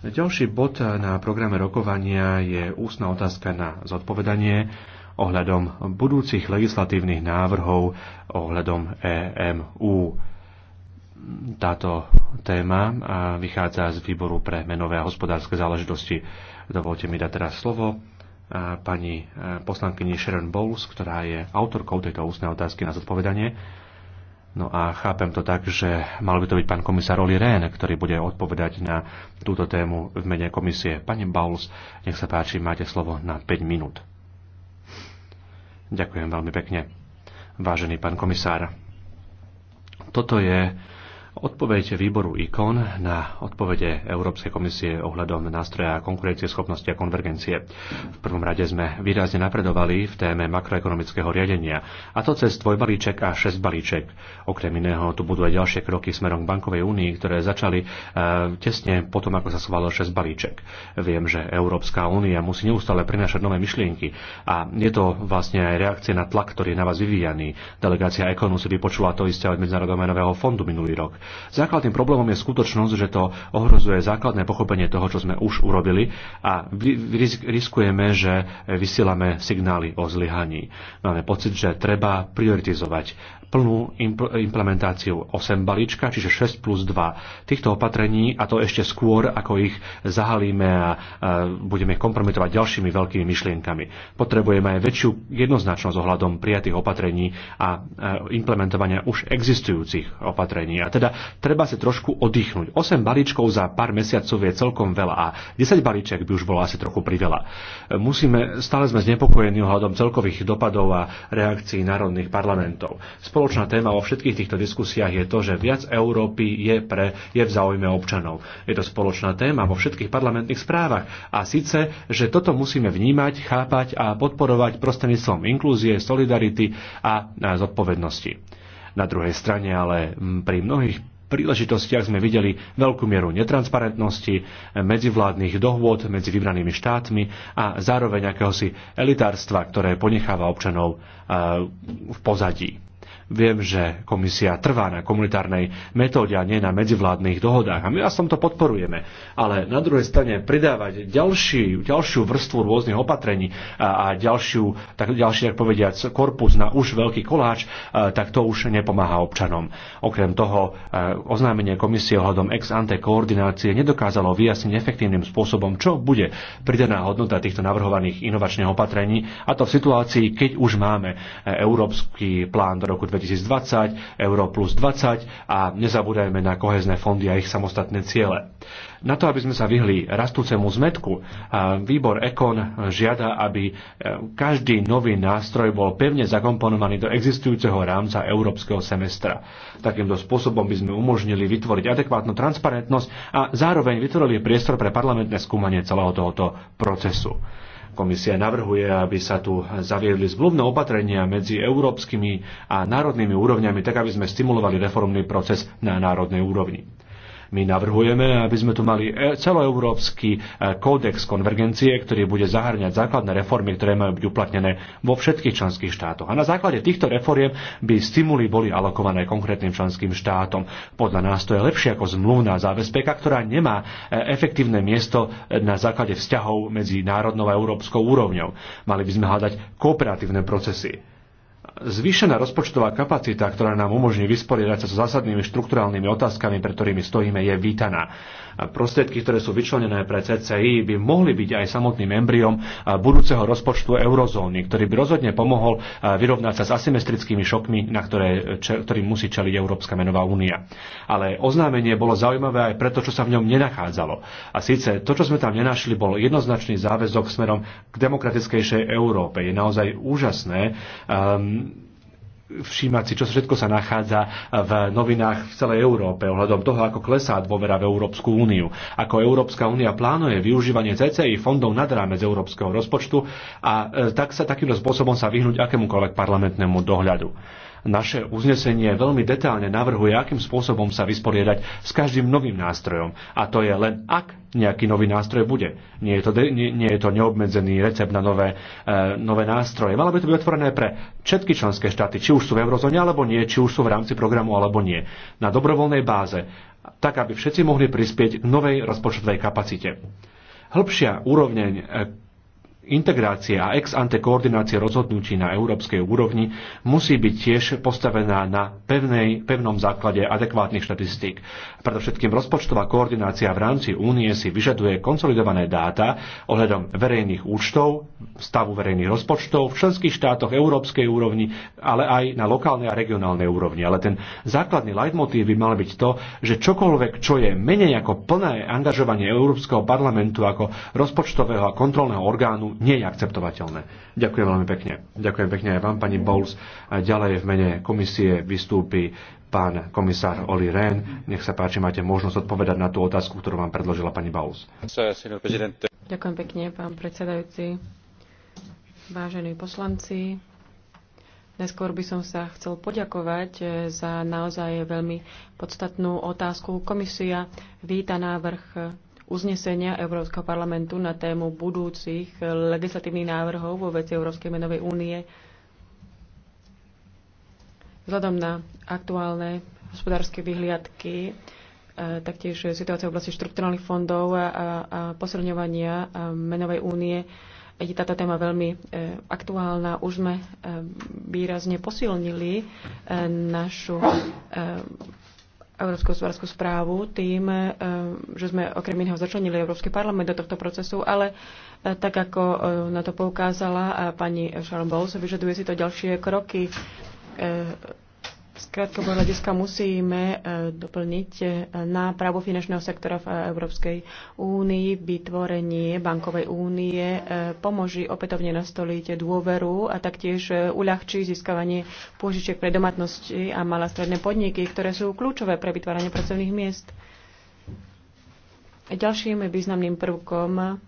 Ďalší bod na programe rokovania je ústna otázka na zodpovedanie ohľadom budúcich legislatívnych návrhov ohľadom EMU. Táto téma vychádza z výboru pre menové a hospodárske záležitosti. Dovolte mi dať teraz slovo pani poslankyni Sharon Bowles, ktorá je autorkou tejto ústnej otázky na zodpovedanie. No a chápem to tak, že mal by to byť pán komisár Oli Rehn, ktorý bude odpovedať na túto tému v mene komisie. Pani Bauls, nech sa páči, máte slovo na 5 minút. Ďakujem veľmi pekne. Vážený pán komisár, toto je Odpoveď výboru ICON na odpovede Európskej komisie ohľadom nástroja konkurencieschopnosti a konvergencie. V prvom rade sme výrazne napredovali v téme makroekonomického riadenia, a to cez dvojbalíček a šesťbalíček. Okrem iného tu budú aj ďalšie kroky smerom k bankovej únii, ktoré začali e, tesne potom, ako sa schválil šesťbalíček. Viem, že Európska únia musí neustále prinášať nové myšlienky a je to vlastne aj reakcia na tlak, ktorý je na vás vyvíjaný. Delegácia Ekonu si vypočula to isté od Medzinárodného menového fondu minulý rok. Základným problémom je skutočnosť, že to ohrozuje základné pochopenie toho, čo sme už urobili a riskujeme, že vysielame signály o zlyhaní. Máme pocit, že treba prioritizovať plnú implementáciu 8 balíčka, čiže 6 plus 2 týchto opatrení a to ešte skôr, ako ich zahalíme a budeme kompromitovať ďalšími veľkými myšlienkami. Potrebujeme aj väčšiu jednoznačnosť ohľadom prijatých opatrení a implementovania už existujúcich opatrení. A teda treba si trošku oddychnúť. 8 balíčkov za pár mesiacov je celkom veľa a 10 balíček by už bolo asi trochu priveľa. Musíme, stále sme znepokojení ohľadom celkových dopadov a reakcií národných parlamentov. Spoločná téma vo všetkých týchto diskusiách je to, že viac Európy je, pre, je v záujme občanov. Je to spoločná téma vo všetkých parlamentných správach a síce, že toto musíme vnímať, chápať a podporovať prostredníctvom inklúzie, solidarity a zodpovednosti. Na druhej strane ale mm, pri mnohých príležitostiach sme videli veľkú mieru netransparentnosti, eh, medzivládnych dohôd medzi vybranými štátmi a zároveň akéhosi elitárstva, ktoré ponecháva občanov eh, v pozadí. Viem, že komisia trvá na komunitárnej metóde a nie na medzivládnych dohodách. A my vás to podporujeme. Ale na druhej strane pridávať ďalší, ďalšiu vrstvu rôznych opatrení a, a ďalšiu, tak, ďalší, tak povediac, korpus na už veľký koláč, a, tak to už nepomáha občanom. Okrem toho, a, oznámenie komisie ohľadom ex ante koordinácie nedokázalo vyjasniť efektívnym spôsobom, čo bude pridaná hodnota týchto navrhovaných inovačných opatrení, a to v situácii, keď už máme e, európsky plán do roku 2020, Euro plus 20 a nezabúdajme na kohezné fondy a ich samostatné ciele. Na to, aby sme sa vyhli rastúcemu zmetku, výbor EKON žiada, aby e, každý nový nástroj bol pevne zakomponovaný do existujúceho rámca európskeho semestra. Takýmto spôsobom by sme umožnili vytvoriť adekvátnu transparentnosť a zároveň vytvorili priestor pre parlamentné skúmanie celého tohoto procesu. Komisia navrhuje, aby sa tu zaviedli zblúbne opatrenia medzi európskymi a národnými úrovňami, tak aby sme stimulovali reformný proces na národnej úrovni. My navrhujeme, aby sme tu mali e, celoeurópsky e, kódex konvergencie, ktorý bude zahrňať základné reformy, ktoré majú byť uplatnené vo všetkých členských štátoch. A na základe týchto reforiem by stimuly boli alokované konkrétnym členským štátom. Podľa nás to je lepšie ako zmluvná zábezpeka, ktorá nemá e, efektívne miesto na základe vzťahov medzi národnou a európskou úrovňou. Mali by sme hľadať kooperatívne procesy Zvýšená rozpočtová kapacita, ktorá nám umožní vysporiadať sa so zásadnými štrukturálnymi otázkami, pre ktorými stojíme, je vítaná prostriedky, ktoré sú vyčlenené pre CCI, by mohli byť aj samotným embryom budúceho rozpočtu eurozóny, ktorý by rozhodne pomohol vyrovnať sa s asymetrickými šokmi, na ktoré, ktorým musí čeliť Európska menová únia. Ale oznámenie bolo zaujímavé aj preto, čo sa v ňom nenachádzalo. A síce to, čo sme tam nenašli, bol jednoznačný záväzok smerom k demokratickejšej Európe. Je naozaj úžasné, um, všímať si, čo všetko sa nachádza v novinách v celej Európe ohľadom toho, ako klesá dôvera v Európsku úniu, ako Európska únia plánuje využívanie CCI fondov nad rámec európskeho rozpočtu a e, tak sa takýmto spôsobom sa vyhnúť akémukoľvek parlamentnému dohľadu. Naše uznesenie veľmi detálne navrhuje, akým spôsobom sa vysporiadať s každým novým nástrojom. A to je len ak nejaký nový nástroj bude. Nie je to, nie, nie je to neobmedzený recept na nové, e, nové nástroje. Malo by to byť otvorené pre všetky členské štáty, či už sú v eurozóne alebo nie, či už sú v rámci programu alebo nie. Na dobrovoľnej báze, tak aby všetci mohli prispieť k novej rozpočtovej kapacite. Hĺbšia úroveň e, Integrácia a ex ante koordinácia rozhodnutí na európskej úrovni musí byť tiež postavená na pevnej, pevnom základe adekvátnych štatistík. Predovšetkým rozpočtová koordinácia v rámci únie si vyžaduje konsolidované dáta ohľadom verejných účtov, stavu verejných rozpočtov v členských štátoch európskej úrovni, ale aj na lokálnej a regionálnej úrovni. Ale ten základný leitmotív by mal byť to, že čokoľvek, čo je menej ako plné angažovanie Európskeho parlamentu ako rozpočtového a kontrolného orgánu, nie je akceptovateľné. Ďakujem veľmi pekne. Ďakujem pekne aj vám, pani Bowles. Ďalej v mene komisie vystúpi pán komisár Oli Rehn. Nech sa páči, máte možnosť odpovedať na tú otázku, ktorú vám predložila pani Bowles. Ďakujem pekne, pán predsedajúci. Vážení poslanci, Neskôr by som sa chcel poďakovať za naozaj veľmi podstatnú otázku. Komisia víta návrh uznesenia Európskeho parlamentu na tému budúcich legislatívnych návrhov vo veci Európskej menovej únie. Vzhľadom na aktuálne hospodárske vyhliadky, e, taktiež situácia v oblasti štrukturálnych fondov a, a posilňovania e, menovej únie, je táto téma veľmi e, aktuálna. Už sme výrazne posilnili našu Európsku hospodárskú správu tým, e, že sme okrem iného začlenili Európsky parlament do tohto procesu, ale e, tak ako e, na to poukázala pani Sharon Bowles, vyžaduje si to ďalšie kroky Skrátka krátkodobého hľadiska musíme e, doplniť e, právo finančného sektora v e, Európskej únii. Vytvorenie bankovej únie pomoží opätovne nastoliť dôveru a taktiež uľahčí získavanie pôžičiek pre domácnosti a malé stredné podniky, ktoré sú kľúčové pre vytváranie pracovných miest. Ďalším významným prvkom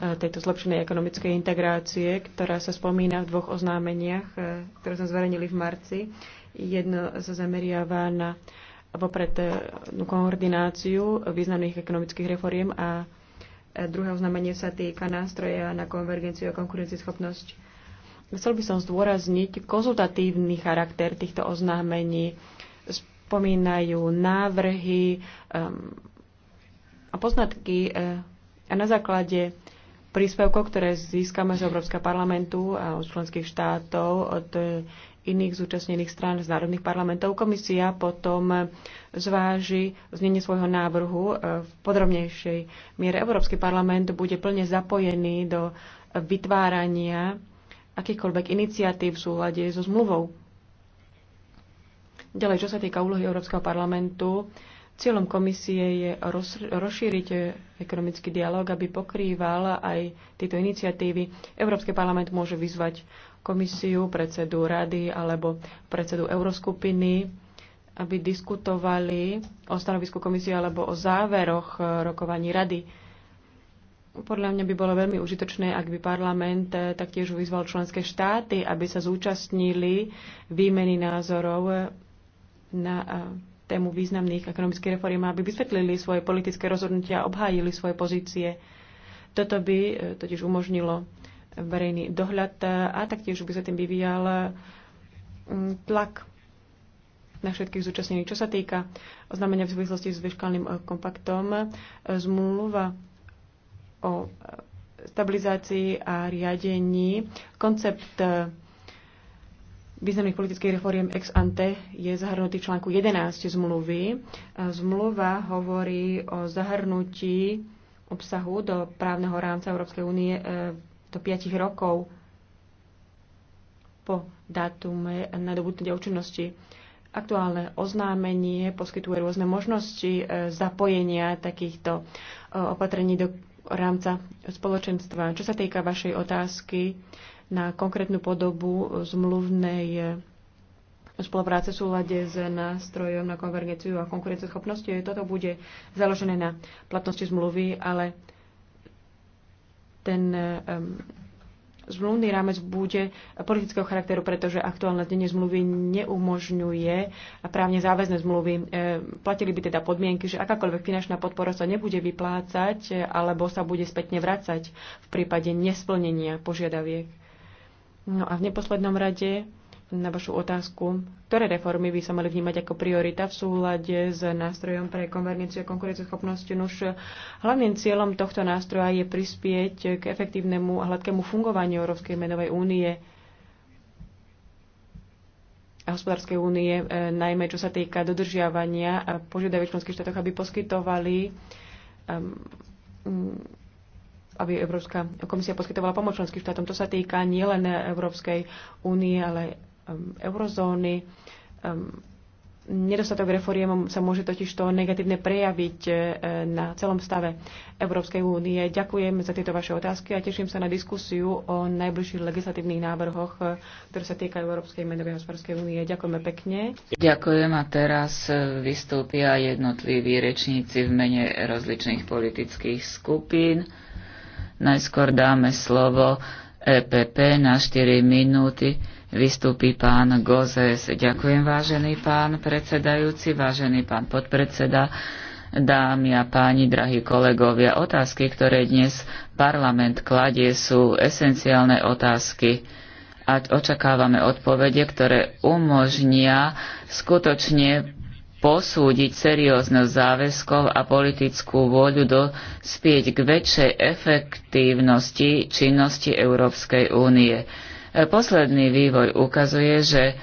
tejto zlepšenej ekonomickej integrácie, ktorá sa spomína v dvoch oznámeniach, ktoré sme zverejnili v marci, Jedno sa zameriava na vopred eh, no, koordináciu významných ekonomických reforiem a eh, druhé oznámenie sa týka nástroja na konvergenciu a konkurencieschopnosť. Chcel by som zdôrazniť konzultatívny charakter týchto oznámení. Spomínajú návrhy ehm, a poznatky eh, a na základe príspevkov, ktoré získame z Európskeho parlamentu a od členských štátov, od iných zúčastnených strán z národných parlamentov. Komisia potom zváži znenie svojho návrhu e, v podrobnejšej miere. Európsky parlament bude plne zapojený do vytvárania akýchkoľvek iniciatív v súhľade so zmluvou. Ďalej, čo sa týka úlohy Európskeho parlamentu, cieľom komisie je rozšíriť ekonomický dialog, aby pokrýval aj tieto iniciatívy. Európsky parlament môže vyzvať komisiu, predsedu rady alebo predsedu Euroskupiny, aby diskutovali o stanovisku komisie alebo o záveroch e, rokovaní rady. Podľa mňa by bolo veľmi užitočné, ak by parlament e, taktiež vyzval členské štáty, aby sa zúčastnili výmeny názorov e, na tému významných ekonomických reform, aby vysvetlili svoje politické rozhodnutia a obhájili svoje pozície. Toto by totiž umožnilo verejný dohľad a taktiež by sa tým vyvíjal mm, tlak na všetkých zúčastnených. Čo sa týka oznámenia v súvislosti s fiskálnym eh, kompaktom, eh, zmluva o eh, stabilizácii a riadení, koncept významných politických reforiem ex ante je zahrnutý v článku 11 zmluvy. Zmluva hovorí o zahrnutí obsahu do právneho rámca Európskej únie do 5 rokov po dátume nadobudnutia účinnosti. Aktuálne oznámenie poskytuje rôzne možnosti e, zapojenia takýchto e, opatrení do rámca spoločenstva. Čo sa týka vašej otázky na konkrétnu podobu zmluvnej e, spolupráce v súlade s nástrojom na konvergenciu a konkurenceschopnosti, toto bude založené na platnosti zmluvy, ale ten zmluvný rámec bude politického charakteru, pretože aktuálne znenie zmluvy neumožňuje právne záväzné zmluvy. Platili by teda podmienky, že akákoľvek finančná podpora sa nebude vyplácať alebo sa bude spätne vracať v prípade nesplnenia požiadaviek. No a v neposlednom rade na vašu otázku, ktoré reformy by sa mali vnímať ako priorita v súhľade s nástrojom pre konvergenciu a konkurencieschopnosť. Nuž hlavným cieľom tohto nástroja je prispieť k efektívnemu a hladkému fungovaniu Európskej menovej únie a hospodárskej únie, e, najmä čo sa týka dodržiavania a požiadajú členských štátoch, aby poskytovali mm, aby Európska komisia poskytovala pomoc členským štátom. To sa týka nielen Európskej únie, ale Um, eurozóny. Um, nedostatok reforiem sa môže totiž to negatívne prejaviť e, na celom stave Európskej únie. Ďakujem za tieto vaše otázky a teším sa na diskusiu o najbližších legislatívnych návrhoch, e, ktoré sa týkajú Európskej menovej hospodárskej únie. Ďakujeme pekne. Ďakujem a teraz e, vystúpia jednotliví rečníci v mene rozličných politických skupín. Najskôr dáme slovo EPP na 4 minúty vystúpi pán Gozes. Ďakujem, vážený pán predsedajúci, vážený pán podpredseda, dámy a páni, drahí kolegovia. Otázky, ktoré dnes parlament kladie, sú esenciálne otázky a očakávame odpovede, ktoré umožnia skutočne posúdiť serióznosť záväzkov a politickú vôľu dospieť k väčšej efektívnosti činnosti Európskej únie. Posledný vývoj ukazuje, že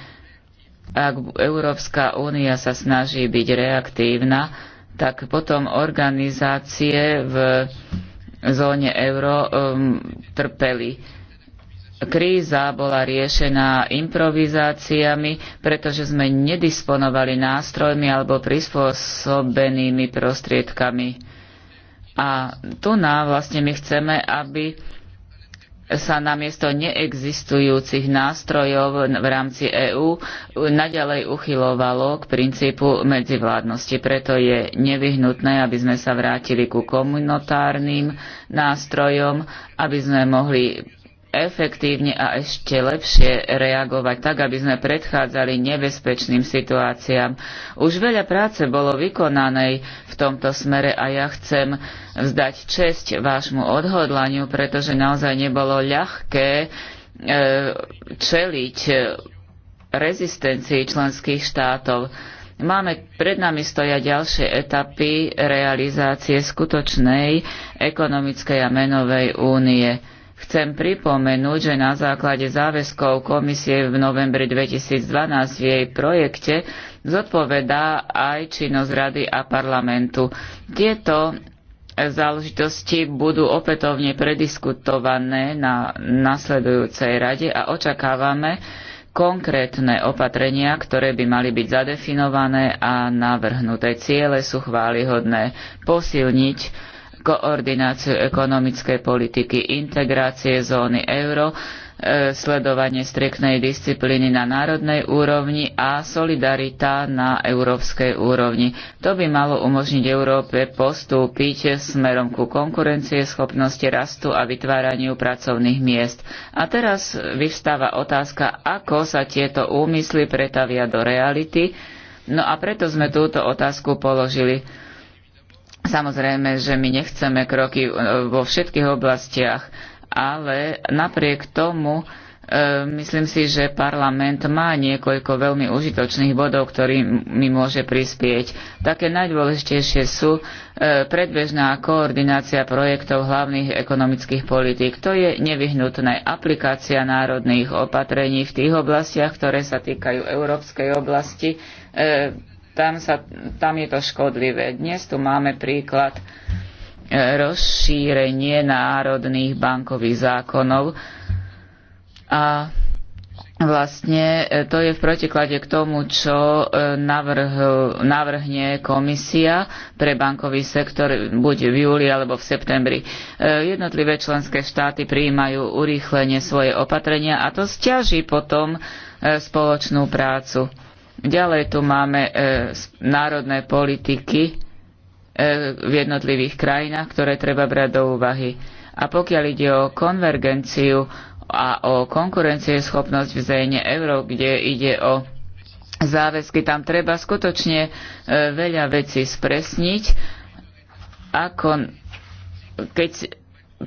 ak Európska únia sa snaží byť reaktívna, tak potom organizácie v zóne euro um, trpeli. Kríza bola riešená improvizáciami, pretože sme nedisponovali nástrojmi alebo prispôsobenými prostriedkami. A tu nám vlastne my chceme, aby sa namiesto neexistujúcich nástrojov v rámci EÚ naďalej uchylovalo k princípu medzivládnosti. Preto je nevyhnutné, aby sme sa vrátili ku komunitárnym nástrojom, aby sme mohli efektívne a ešte lepšie reagovať tak, aby sme predchádzali nebezpečným situáciám. Už veľa práce bolo vykonanej v tomto smere a ja chcem vzdať česť vášmu odhodlaniu, pretože naozaj nebolo ľahké e, čeliť rezistencii členských štátov. Máme pred nami stoja ďalšie etapy realizácie skutočnej ekonomickej a menovej únie. Chcem pripomenúť, že na základe záväzkov komisie v novembri 2012 v jej projekte zodpovedá aj činnosť rady a parlamentu. Tieto záležitosti budú opätovne prediskutované na nasledujúcej rade a očakávame konkrétne opatrenia, ktoré by mali byť zadefinované a navrhnuté ciele sú chválihodné posilniť koordináciu ekonomickej politiky, integrácie zóny euro, e, sledovanie striktnej disciplíny na národnej úrovni a solidarita na európskej úrovni. To by malo umožniť Európe postúpiť smerom ku konkurencie, schopnosti rastu a vytváraniu pracovných miest. A teraz vyvstáva otázka, ako sa tieto úmysly pretavia do reality. No a preto sme túto otázku položili. Samozrejme, že my nechceme kroky e, vo všetkých oblastiach, ale napriek tomu e, myslím si, že parlament má niekoľko veľmi užitočných bodov, ktorými môže prispieť. Také najdôležitejšie sú e, predbežná koordinácia projektov hlavných ekonomických politík. To je nevyhnutné. Aplikácia národných opatrení v tých oblastiach, ktoré sa týkajú európskej oblasti, tam, sa, tam je to škodlivé. Dnes tu máme príklad e, rozšírenie národných bankových zákonov a vlastne e, to je v protiklade k tomu, čo e, navrhl, navrhne komisia pre bankový sektor buď v júli alebo v septembri. Jednotlivé členské štáty prijímajú urýchlenie svoje opatrenia a to stiaží potom spoločnú prácu. Ďalej tu máme e, národné politiky e, v jednotlivých krajinách, ktoré treba brať do úvahy. A pokiaľ ide o konvergenciu a o konkurencieschopnosť v zéne euro, kde ide o záväzky, tam treba skutočne e, veľa vecí spresniť, ako keď,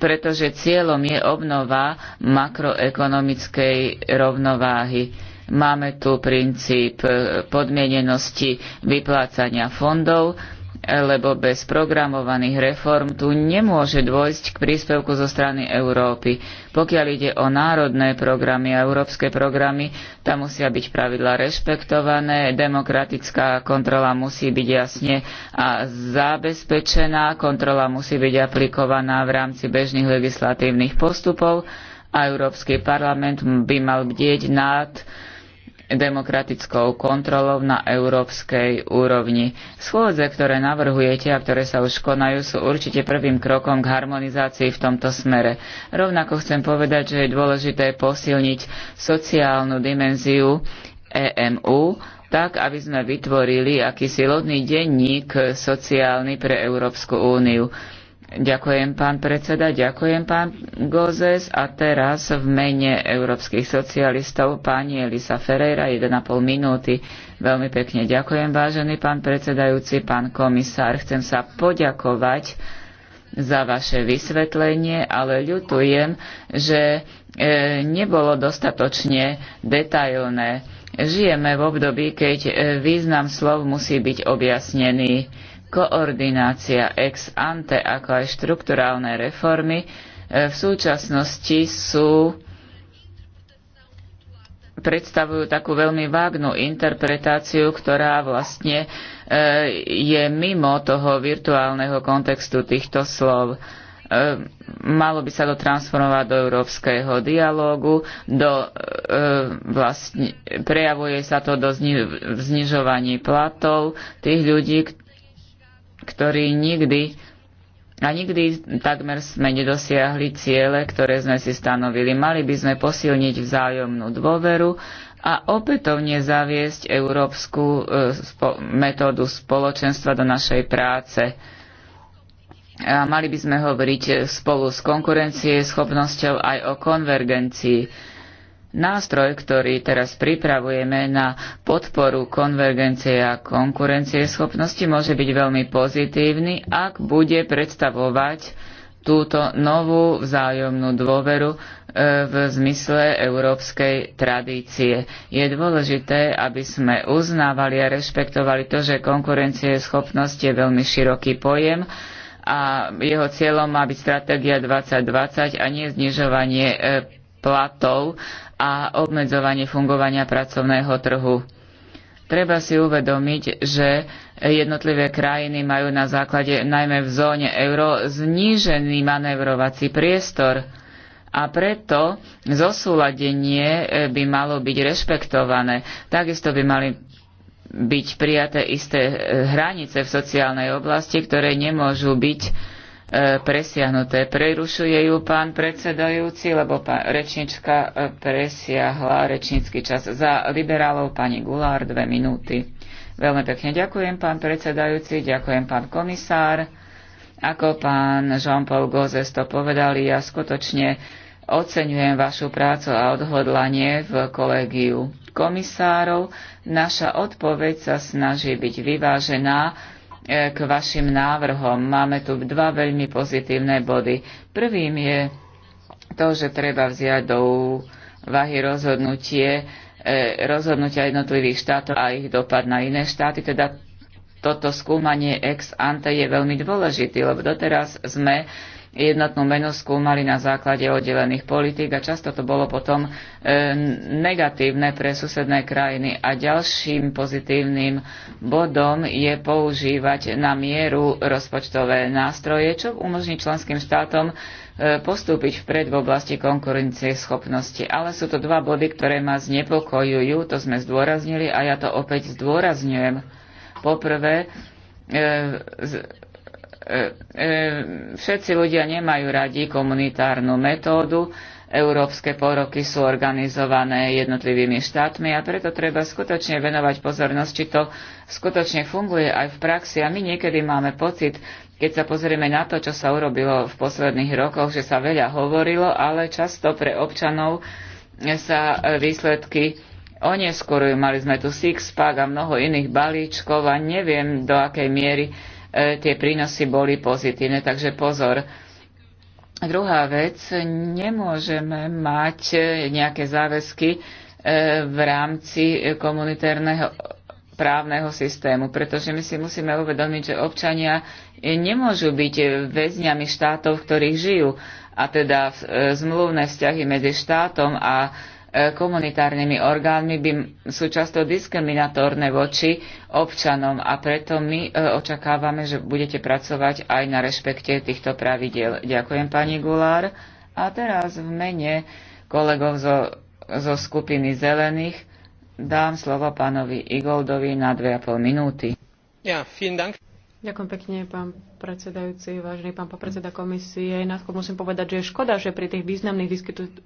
pretože cieľom je obnova makroekonomickej rovnováhy Máme tu princíp e, podmienenosti vyplácania fondov, e, lebo bez programovaných reform tu nemôže dôjsť k príspevku zo strany Európy. Pokiaľ ide o národné programy a európske programy, tam musia byť pravidla rešpektované, demokratická kontrola musí byť jasne a zabezpečená, kontrola musí byť aplikovaná v rámci bežných legislatívnych postupov a Európsky parlament by mal bdieť nad demokratickou kontrolou na európskej úrovni. Schôdze, ktoré navrhujete a ktoré sa už konajú, sú určite prvým krokom k harmonizácii v tomto smere. Rovnako chcem povedať, že je dôležité posilniť sociálnu dimenziu EMU, tak, aby sme vytvorili akýsi lodný denník sociálny pre Európsku úniu. Ďakujem, pán predseda, ďakujem, pán Gozes. A teraz v mene európskych socialistov pani Elisa Ferreira, 1,5 minúty. Veľmi pekne ďakujem, vážený pán predsedajúci, pán komisár. Chcem sa poďakovať za vaše vysvetlenie, ale ľutujem, že e, nebolo dostatočne detailné. Žijeme v období, keď e, význam slov musí byť objasnený Koordinácia ex ante, ako aj štrukturálne reformy e, v súčasnosti sú predstavujú takú veľmi vágnu interpretáciu, ktorá vlastne e, je mimo toho virtuálneho kontextu týchto slov e, malo by sa to transformovať do európskeho dialógu, do, vlastne, prejavuje sa to do zni, znižovaní platov tých ľudí, ktorý nikdy a nikdy takmer sme nedosiahli ciele, ktoré sme si stanovili. Mali by sme posilniť vzájomnú dôveru a opätovne zaviesť európsku e, metódu spoločenstva do našej práce. A mali by sme hovoriť spolu s konkurencie, schopnosťou aj o konvergencii Nástroj, ktorý teraz pripravujeme na podporu konvergencie a konkurencie schopnosti, môže byť veľmi pozitívny, ak bude predstavovať túto novú vzájomnú dôveru e, v zmysle európskej tradície. Je dôležité, aby sme uznávali a rešpektovali to, že konkurencie schopnosti je veľmi široký pojem, a jeho cieľom má byť stratégia 2020 a nie znižovanie e, platov a obmedzovanie fungovania pracovného trhu. Treba si uvedomiť, že jednotlivé krajiny majú na základe najmä v zóne euro znížený manevrovací priestor a preto zosúladenie eh, by malo byť rešpektované. Takisto by mali byť prijaté isté eh, hranice v sociálnej oblasti, ktoré nemôžu byť E, presiahnuté. Prerušuje ju pán predsedajúci, lebo pán, rečnička e, presiahla rečnícky čas. Za liberálov pani Gulár dve minúty. Veľmi pekne ďakujem, pán predsedajúci, ďakujem, pán komisár. Ako pán Jean-Paul Gozes to povedali, ja skutočne oceňujem vašu prácu a odhodlanie v kolegiu komisárov. Naša odpoveď sa snaží byť vyvážená E, k vašim návrhom. Máme tu dva veľmi pozitívne body. Prvým je to, že treba vziať do úvahy rozhodnutie, e, rozhodnutia jednotlivých štátov a ich dopad na iné štáty, teda toto skúmanie ex ante je veľmi dôležité, lebo doteraz sme jednotnú menu skúmali na základe oddelených politík a často to bolo potom e, negatívne pre susedné krajiny. A ďalším pozitívnym bodom je používať na mieru rozpočtové nástroje, čo umožní členským štátom e, postúpiť vpred v oblasti konkurencie schopnosti. Ale sú to dva body, ktoré ma znepokojujú, to sme zdôraznili a ja to opäť zdôrazňujem. Poprvé, e, z, E, e, všetci ľudia nemajú radi komunitárnu metódu, Európske poroky sú organizované jednotlivými štátmi a preto treba skutočne venovať pozornosť, či to skutočne funguje aj v praxi. A my niekedy máme pocit, keď sa pozrieme na to, čo sa urobilo v posledných rokoch, že sa veľa hovorilo, ale často pre občanov sa výsledky oneskorujú. Mali sme tu six-pack a mnoho iných balíčkov a neviem, do akej miery E, tie prínosy boli pozitívne. Takže pozor. Druhá vec, nemôžeme mať nejaké záväzky e, v rámci komunitárneho právneho systému, pretože my si musíme uvedomiť, že občania nemôžu byť väzňami štátov, v ktorých žijú. A teda e, zmluvné vzťahy medzi štátom a komunitárnymi orgánmi by, sú často diskriminatórne voči občanom a preto my e, očakávame, že budete pracovať aj na rešpekte týchto pravidiel. Ďakujem pani Gulár. A teraz v mene kolegov zo, zo skupiny zelených dám slovo pánovi Igoldovi na 2,5 minúty. Ja, vielen Dank. Ďakujem pekne, pán predsedajúci, vážený pán popredseda komisie. Najskôr musím povedať, že je škoda, že pri tých významných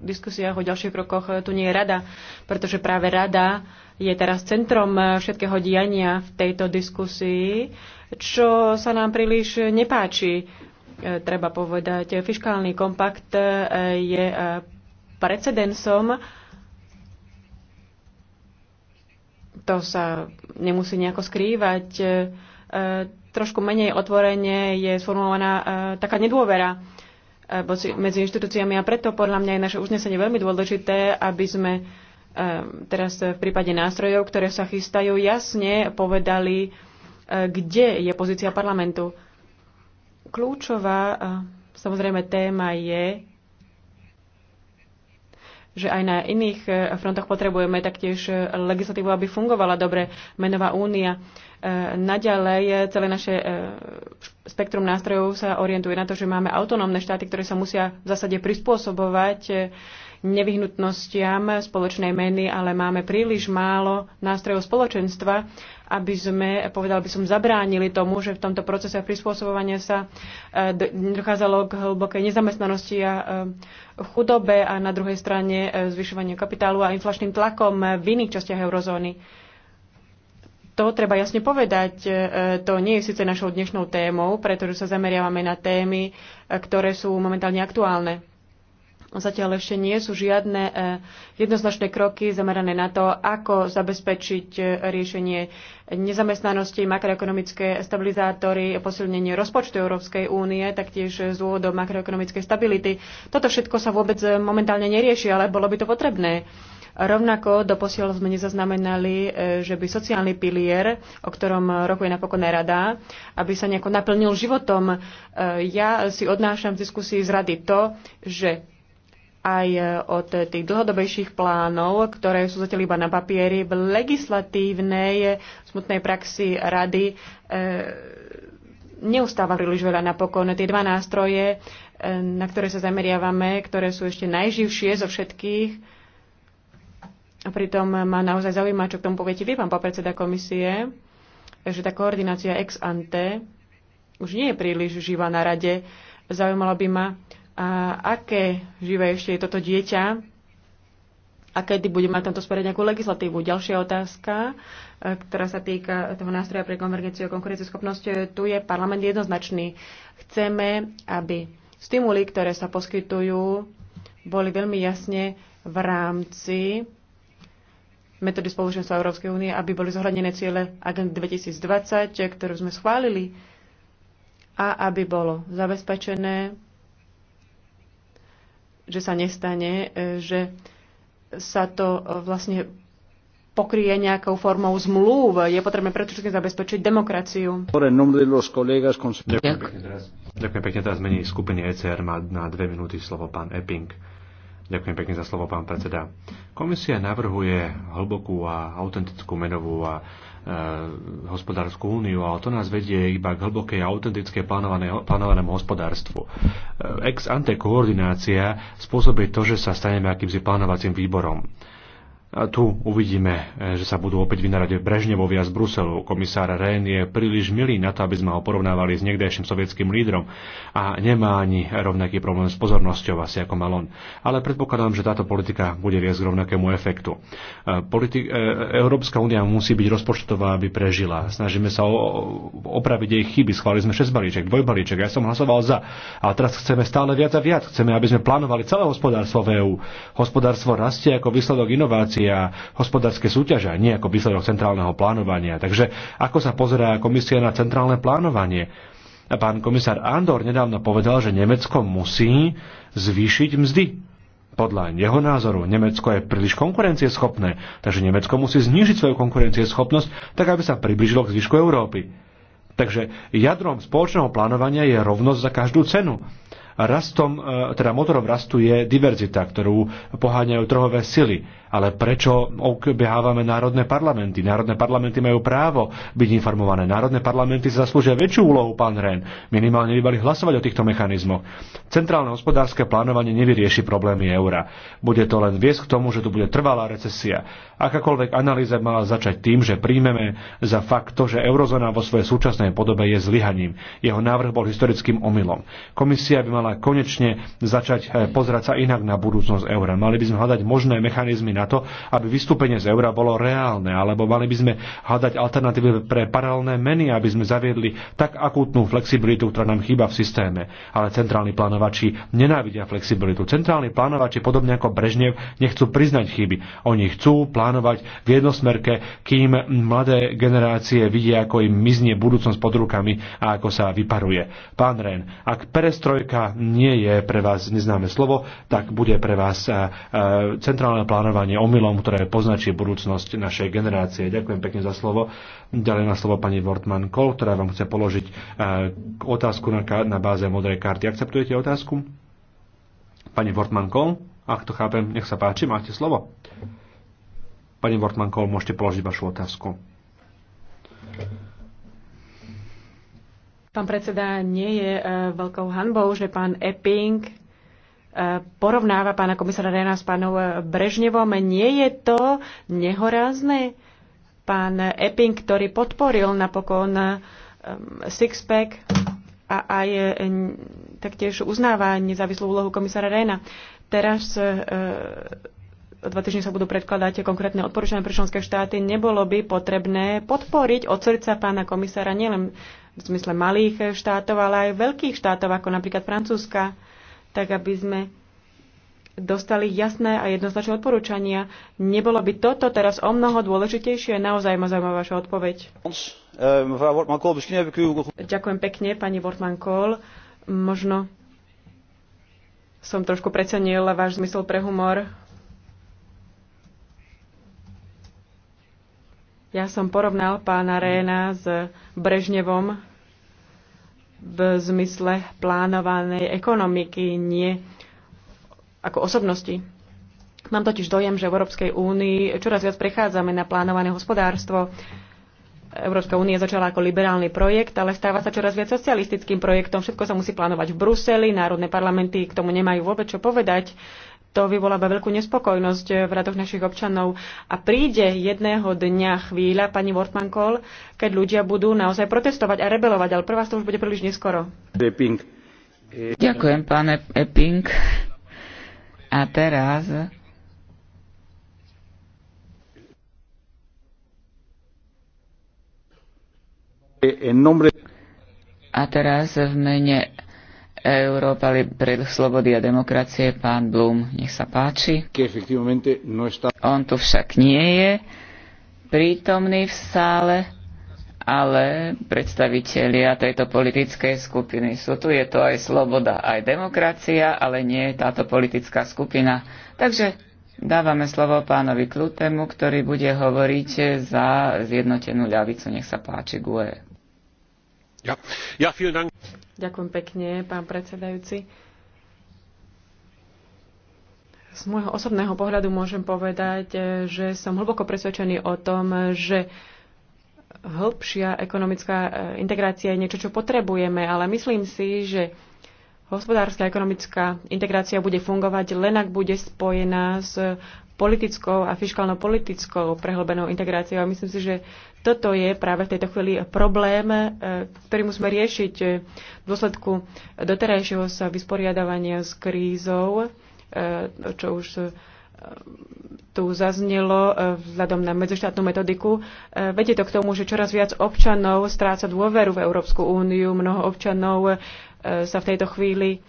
diskusiách o ďalších krokoch eh, tu nie je rada, pretože práve rada je teraz centrom eh, všetkého diania v tejto diskusii, čo sa nám príliš nepáči. Eh, treba povedať, fiskálny kompakt je precedensom, to sa nemusí nejako skrývať trošku menej otvorene je sformulovaná e, taká nedôvera e, medzi inštitúciami a preto podľa mňa je naše uznesenie veľmi dôležité, aby sme e, teraz v prípade nástrojov, ktoré sa chystajú, jasne povedali, kde je pozícia parlamentu. Kľúčová samozrejme téma je že aj na iných e, frontoch potrebujeme taktiež e, legislatívu, aby fungovala dobre menová únia. E, naďalej celé naše spektrum nástrojov sa orientuje na to, že máme autonómne štáty, ktoré sa musia v zásade prispôsobovať nevyhnutnostiam spoločnej meny, ale máme príliš málo nástrojov spoločenstva, aby sme, povedal by som, zabránili tomu, že v tomto procese prispôsobovania sa e, dochádzalo k hlbokej nezamestnanosti a e, chudobe a na druhej strane e, zvyšovanie kapitálu a inflačným tlakom v iných častiach eurozóny. To treba jasne povedať. To nie je síce našou dnešnou témou, pretože sa zameriavame na témy, ktoré sú momentálne aktuálne. Zatiaľ ešte nie sú žiadne e, jednoznačné kroky zamerané na to, ako zabezpečiť e, riešenie nezamestnanosti, makroekonomické stabilizátory, posilnenie rozpočtu Európskej únie, taktiež z dôvodov makroekonomickej stability. Toto všetko sa vôbec e, momentálne nerieši, ale bolo by to potrebné. Rovnako posiel sme nezaznamenali, že by sociálny pilier, o ktorom rokuje napokon aj rada, aby sa nejako naplnil životom. Ja si odnášam v diskusii z rady to, že aj e, od tých dlhodobejších plánov, ktoré sú zatiaľ iba na papieri, v legislatívnej e, smutnej praxi rady e, neustáva príliš veľa napokon. Tie dva nástroje, e, na ktoré sa zameriavame, ktoré sú ešte najživšie zo všetkých, a pritom ma naozaj zaujíma, čo k tomu poviete vy, pán popredseda komisie, že tá koordinácia ex ante už nie je príliš živá na rade. Zaujímalo by ma, a aké živé ešte je toto dieťa a kedy bude mať tento smer nejakú legislatívu. Ďalšia otázka, e, ktorá sa týka toho nástroja pre konvergenciu a konkurencieschopnosť, e, tu je parlament jednoznačný. Chceme, aby stimuly, ktoré sa poskytujú, boli veľmi jasne v rámci metódy spoločenstva Európskej únie, aby boli zohľadnené ciele agent 2020, e, ktorú sme schválili, a aby bolo zabezpečené že sa nestane, e, že sa to e, vlastne pokrie nejakou formou zmluv. Je potrebné preto zabezpečiť demokraciu. Ďakujem pekne teraz. Ďakujem mení skupiny ECR má na dve minúty slovo pán Epping. Ďakujem pekne za slovo, pán predseda. Komisia navrhuje hlbokú a autentickú menovú a Eh, hospodárskú úniu, ale to nás vedie iba k hlbokej a autentické plánovanému hospodárstvu. Eh, ex ante koordinácia spôsobí to, že sa staneme akýmsi plánovacím výborom. A tu uvidíme, e, že sa budú opäť vynarať Brežnevovia z Bruselu. Komisár Rehn je príliš milý na to, aby sme ho porovnávali s niekdejším sovietským lídrom a nemá ani rovnaký problém s pozornosťou asi ako mal on. Ale predpokladám, že táto politika bude viesť k rovnakému efektu. E, politi- e, Európska únia musí byť rozpočtová, aby prežila. Snažíme sa o- opraviť jej chyby. Schválili sme 6 balíček, dvojbalíček. Ja som hlasoval za. A teraz chceme stále viac a viac. Chceme, aby sme plánovali celé hospodárstvo v EÚ. Hospodárstvo rastie ako výsledok inovácií kritéria hospodárske súťaže nie ako výsledok centrálneho plánovania. Takže ako sa pozerá komisia na centrálne plánovanie? Pán komisár Andor nedávno povedal, že Nemecko musí zvýšiť mzdy. Podľa jeho názoru Nemecko je príliš konkurencieschopné, takže Nemecko musí znížiť svoju konkurencieschopnosť, tak aby sa približilo k zvyšku Európy. Takže jadrom spoločného plánovania je rovnosť za každú cenu. Rastom, e, teda motorom rastu je diverzita, ktorú poháňajú trhové sily ale prečo obehávame národné parlamenty? Národné parlamenty majú právo byť informované. Národné parlamenty zaslúžia väčšiu úlohu, pán Ren. Minimálne by mali hlasovať o týchto mechanizmoch. Centrálne hospodárske plánovanie nevyrieši problémy eura. Bude to len viesť k tomu, že tu bude trvalá recesia. Akákoľvek analýza mala začať tým, že príjmeme za fakt to, že eurozóna vo svojej súčasnej podobe je zlyhaním. Jeho návrh bol historickým omylom. Komisia by mala konečne začať eh, pozerať sa inak na budúcnosť eura. Mali by sme hľadať možné mechanizmy na na to, aby vystúpenie z eura bolo reálne, alebo mali by sme hľadať alternatívy pre paralelné meny, aby sme zaviedli tak akútnu flexibilitu, ktorá nám chýba v systéme. Ale centrálni plánovači nenávidia flexibilitu. Centrálni plánovači, podobne ako Brežnev, nechcú priznať chyby. Oni chcú plánovať v jednosmerke, kým mladé generácie vidia, ako im miznie budúcnosť pod rukami a ako sa vyparuje. Pán Ren, ak perestrojka nie je pre vás neznáme slovo, tak bude pre vás centrálne plánovanie nie omylom, ktoré poznačí budúcnosť našej generácie. Ďakujem pekne za slovo. Ďalej na slovo pani Wortmann Kol, ktorá vám chce položiť eh, otázku na, na báze modrej karty. Akceptujete otázku? Pani Wortmann Kol, ak to chápem, nech sa páči, máte slovo. Pani Wortmann Kol, môžete položiť vašu otázku. Pán predseda, nie je eh, veľkou hanbou, že pán Epping porovnáva pána komisára Rena s pánom Brežnevom. Nie je to nehorázne? Pán Epping, ktorý podporil napokon um, Sixpack a aj taktiež uznáva nezávislú úlohu komisára Rena. Teraz e, o dva týždne sa budú predkladať konkrétne odporúčania pre členské štáty, nebolo by potrebné podporiť od srdca pána komisára nielen v zmysle malých štátov, ale aj veľkých štátov, ako napríklad Francúzska tak aby sme dostali jasné a jednoznačné odporúčania. Nebolo by toto teraz o mnoho dôležitejšie? Naozaj ma zaujíma vaša odpoveď. Ďakujem pekne, pani Wortman Kohl. Možno som trošku precenil váš zmysel pre humor. Ja som porovnal pána Réna s Brežnevom v zmysle plánovanej ekonomiky, nie ako osobnosti. Mám totiž dojem, že v Európskej únii čoraz viac prechádzame na plánované hospodárstvo. Európska únia začala ako liberálny projekt, ale stáva sa čoraz viac socialistickým projektom. Všetko sa musí plánovať v Bruseli, národné parlamenty k tomu nemajú vôbec čo povedať to vyvoláva veľkú nespokojnosť eh, v radoch našich občanov. A príde jedného dňa chvíľa, pani Wortmann Kohl, keď ľudia budú naozaj protestovať a rebelovať, ale prvá to už bude príliš neskoro. Ďakujem, pán Epping. A teraz e, A teraz v mene Európa pre slobody a demokracie, pán Blum, nech sa páči. No On tu však nie je prítomný v sále, ale predstavitelia tejto politickej skupiny sú tu. Je to aj sloboda, aj demokracia, ale nie je táto politická skupina. Takže dávame slovo pánovi Klutemu, ktorý bude hovoriť za zjednotenú ľavicu. Nech sa páči, Gue. Ďakujem pekne, pán predsedajúci. Z môjho osobného pohľadu môžem povedať, že som hlboko presvedčený o tom, že hĺbšia ekonomická e, integrácia je niečo, čo potrebujeme, ale myslím si, že hospodárska ekonomická integrácia bude fungovať len ak bude spojená s politickou a fiskálno-politickou prehlbenou integráciou. A myslím si, že toto je práve v tejto chvíli problém, e, ktorý musíme riešiť e, v dôsledku doterajšieho sa vysporiadavania s krízou, e, čo už tu zaznelo vzhľadom na medzištátnu metodiku. Vedie to k tomu, že čoraz viac občanov stráca dôveru v Európsku úniu. Mnoho občanov sa v tejto chvíli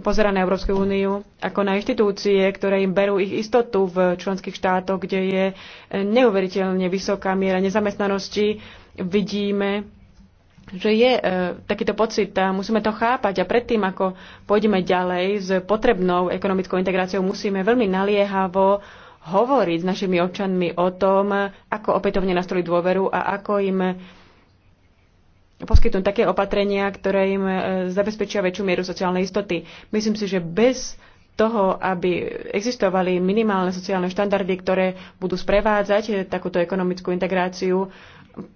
pozera na Európsku úniu ako na inštitúcie, ktoré im berú ich istotu v členských štátoch, kde je neuveriteľne vysoká miera nezamestnanosti. Vidíme, že je e, takýto pocit a musíme to chápať a predtým, ako pôjdeme ďalej s potrebnou ekonomickou integráciou, musíme veľmi naliehavo hovoriť s našimi občanmi o tom, ako opätovne nastroliť dôveru a ako im poskytnúť také opatrenia, ktoré im e, zabezpečia väčšiu mieru sociálnej istoty. Myslím si, že bez toho, aby existovali minimálne sociálne štandardy, ktoré budú sprevádzať e, takúto ekonomickú integráciu,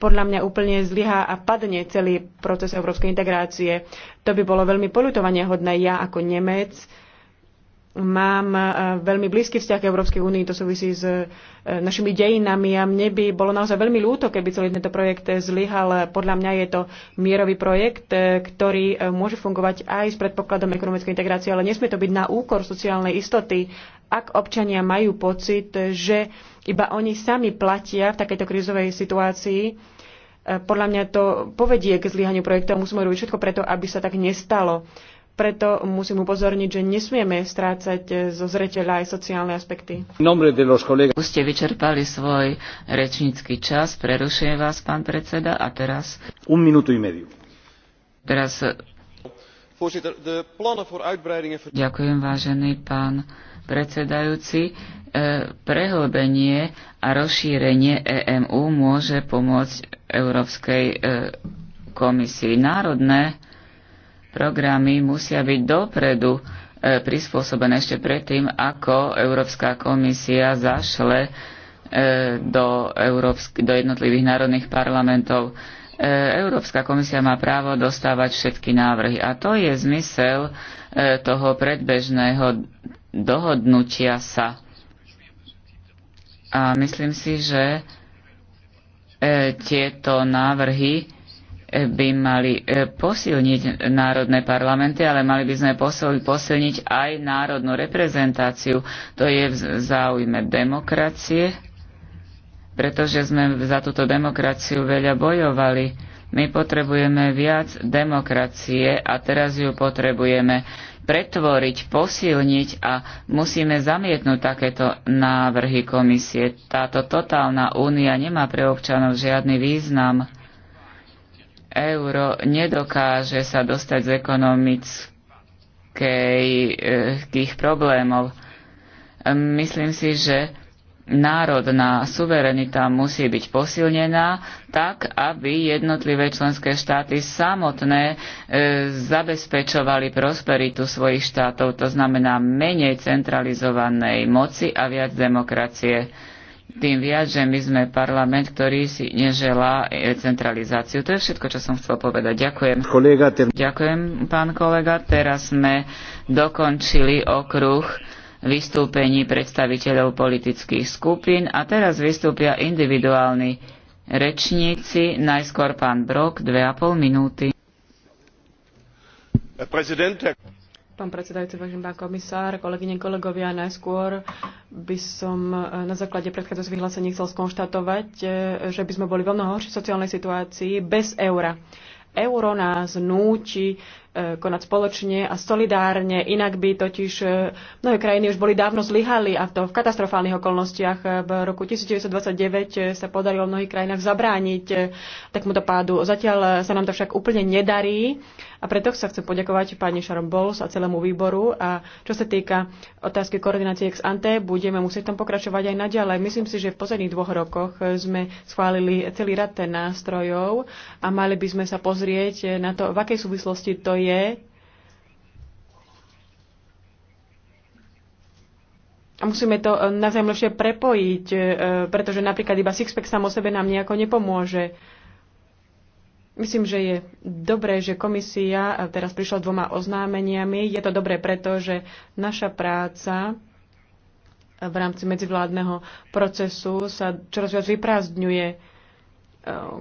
podľa mňa úplne zlyhá a padne celý proces európskej integrácie. To by bolo veľmi polutovanie hodné. Ja ako Nemec mám e, veľmi blízky vzťah k Európskej únii, to súvisí s e, našimi dejinami a mne by bolo naozaj veľmi ľúto, keby celý tento projekt zlyhal. Podľa mňa je to mierový projekt, e, ktorý môže fungovať aj s predpokladom ekonomickej integrácie, ale nesmie to byť na úkor sociálnej istoty, ak občania majú pocit, že iba oni sami platia v takejto krízovej situácii. Podľa mňa to povedie k zlyhaniu projektov. Musíme robiť všetko preto, aby sa tak nestalo preto musím upozorniť, že nesmieme strácať eh, zo zreteľa aj sociálne aspekty. Už ste vyčerpali svoj rečnícky čas, prerušujem vás, pán predseda, a teraz... Un minuto i medio. Teraz... Eh, Ďakujem, vážený pán predsedajúci. Eh, prehlbenie a rozšírenie EMU môže pomôcť Európskej komisii. Národné Programy musia byť dopredu e, prispôsobené ešte predtým, ako Európska komisia zašle e, do, Európsk- do jednotlivých národných parlamentov. E, Európska komisia má právo dostávať všetky návrhy a to je zmysel toho predbežného dohodnutia sa. A myslím si, že tieto návrhy by mali e, posilniť národné parlamenty, ale mali by sme posilniť aj národnú reprezentáciu. To je v záujme demokracie, pretože sme za túto demokraciu veľa bojovali. My potrebujeme viac demokracie a teraz ju potrebujeme pretvoriť, posilniť a musíme zamietnúť takéto návrhy komisie. Táto totálna únia nemá pre občanov žiadny význam euro nedokáže sa dostať z ekonomických eh, problémov. Myslím si, že národná suverenita musí byť posilnená tak, aby jednotlivé členské štáty samotné e, zabezpečovali prosperitu svojich štátov, to znamená menej centralizovanej moci a viac demokracie tým viac, že my sme parlament, ktorý si neželá e, centralizáciu. To je všetko, čo som chcel povedať. Ďakujem. Kolega, ten... Ďakujem, pán kolega. Teraz sme dokončili okruh vystúpení predstaviteľov politických skupín a teraz vystúpia individuálni rečníci. Najskôr pán Brok, dve a pol minúty. Pán predsedajúci, vážený pán komisár, kolegyne, kolegovia, najskôr by som e, na základe predchádzajúcich vyhlásení chcel skonštatovať, e, že by sme boli v mnoho horšej sociálnej situácii bez eura. Euro nás núči e, konať spoločne a solidárne, inak by totiž mnohé krajiny už boli dávno zlyhali a to v katastrofálnych okolnostiach. V roku 1929 sa podarilo v mnohých krajinách zabrániť takmuto pádu. Zatiaľ sa nám to však úplne nedarí a preto sa chcem poďakovať pani Sharon Bowles a celému výboru. A čo sa týka otázky koordinácie ex ante, budeme musieť tam pokračovať aj naďalej. Myslím si, že v posledných dvoch rokoch sme schválili celý rad nástrojov a mali by sme sa pozrieť na to, v akej súvislosti to je A musíme to eh, navzájom lepšie prepojiť, eh, pretože napríklad iba Sixpack sám o sebe nám nejako nepomôže. Myslím, že je dobré, že komisia teraz prišla dvoma oznámeniami. Je to dobré preto, že naša práca v rámci medzivládneho procesu sa čoraz viac vyprázdňuje. E,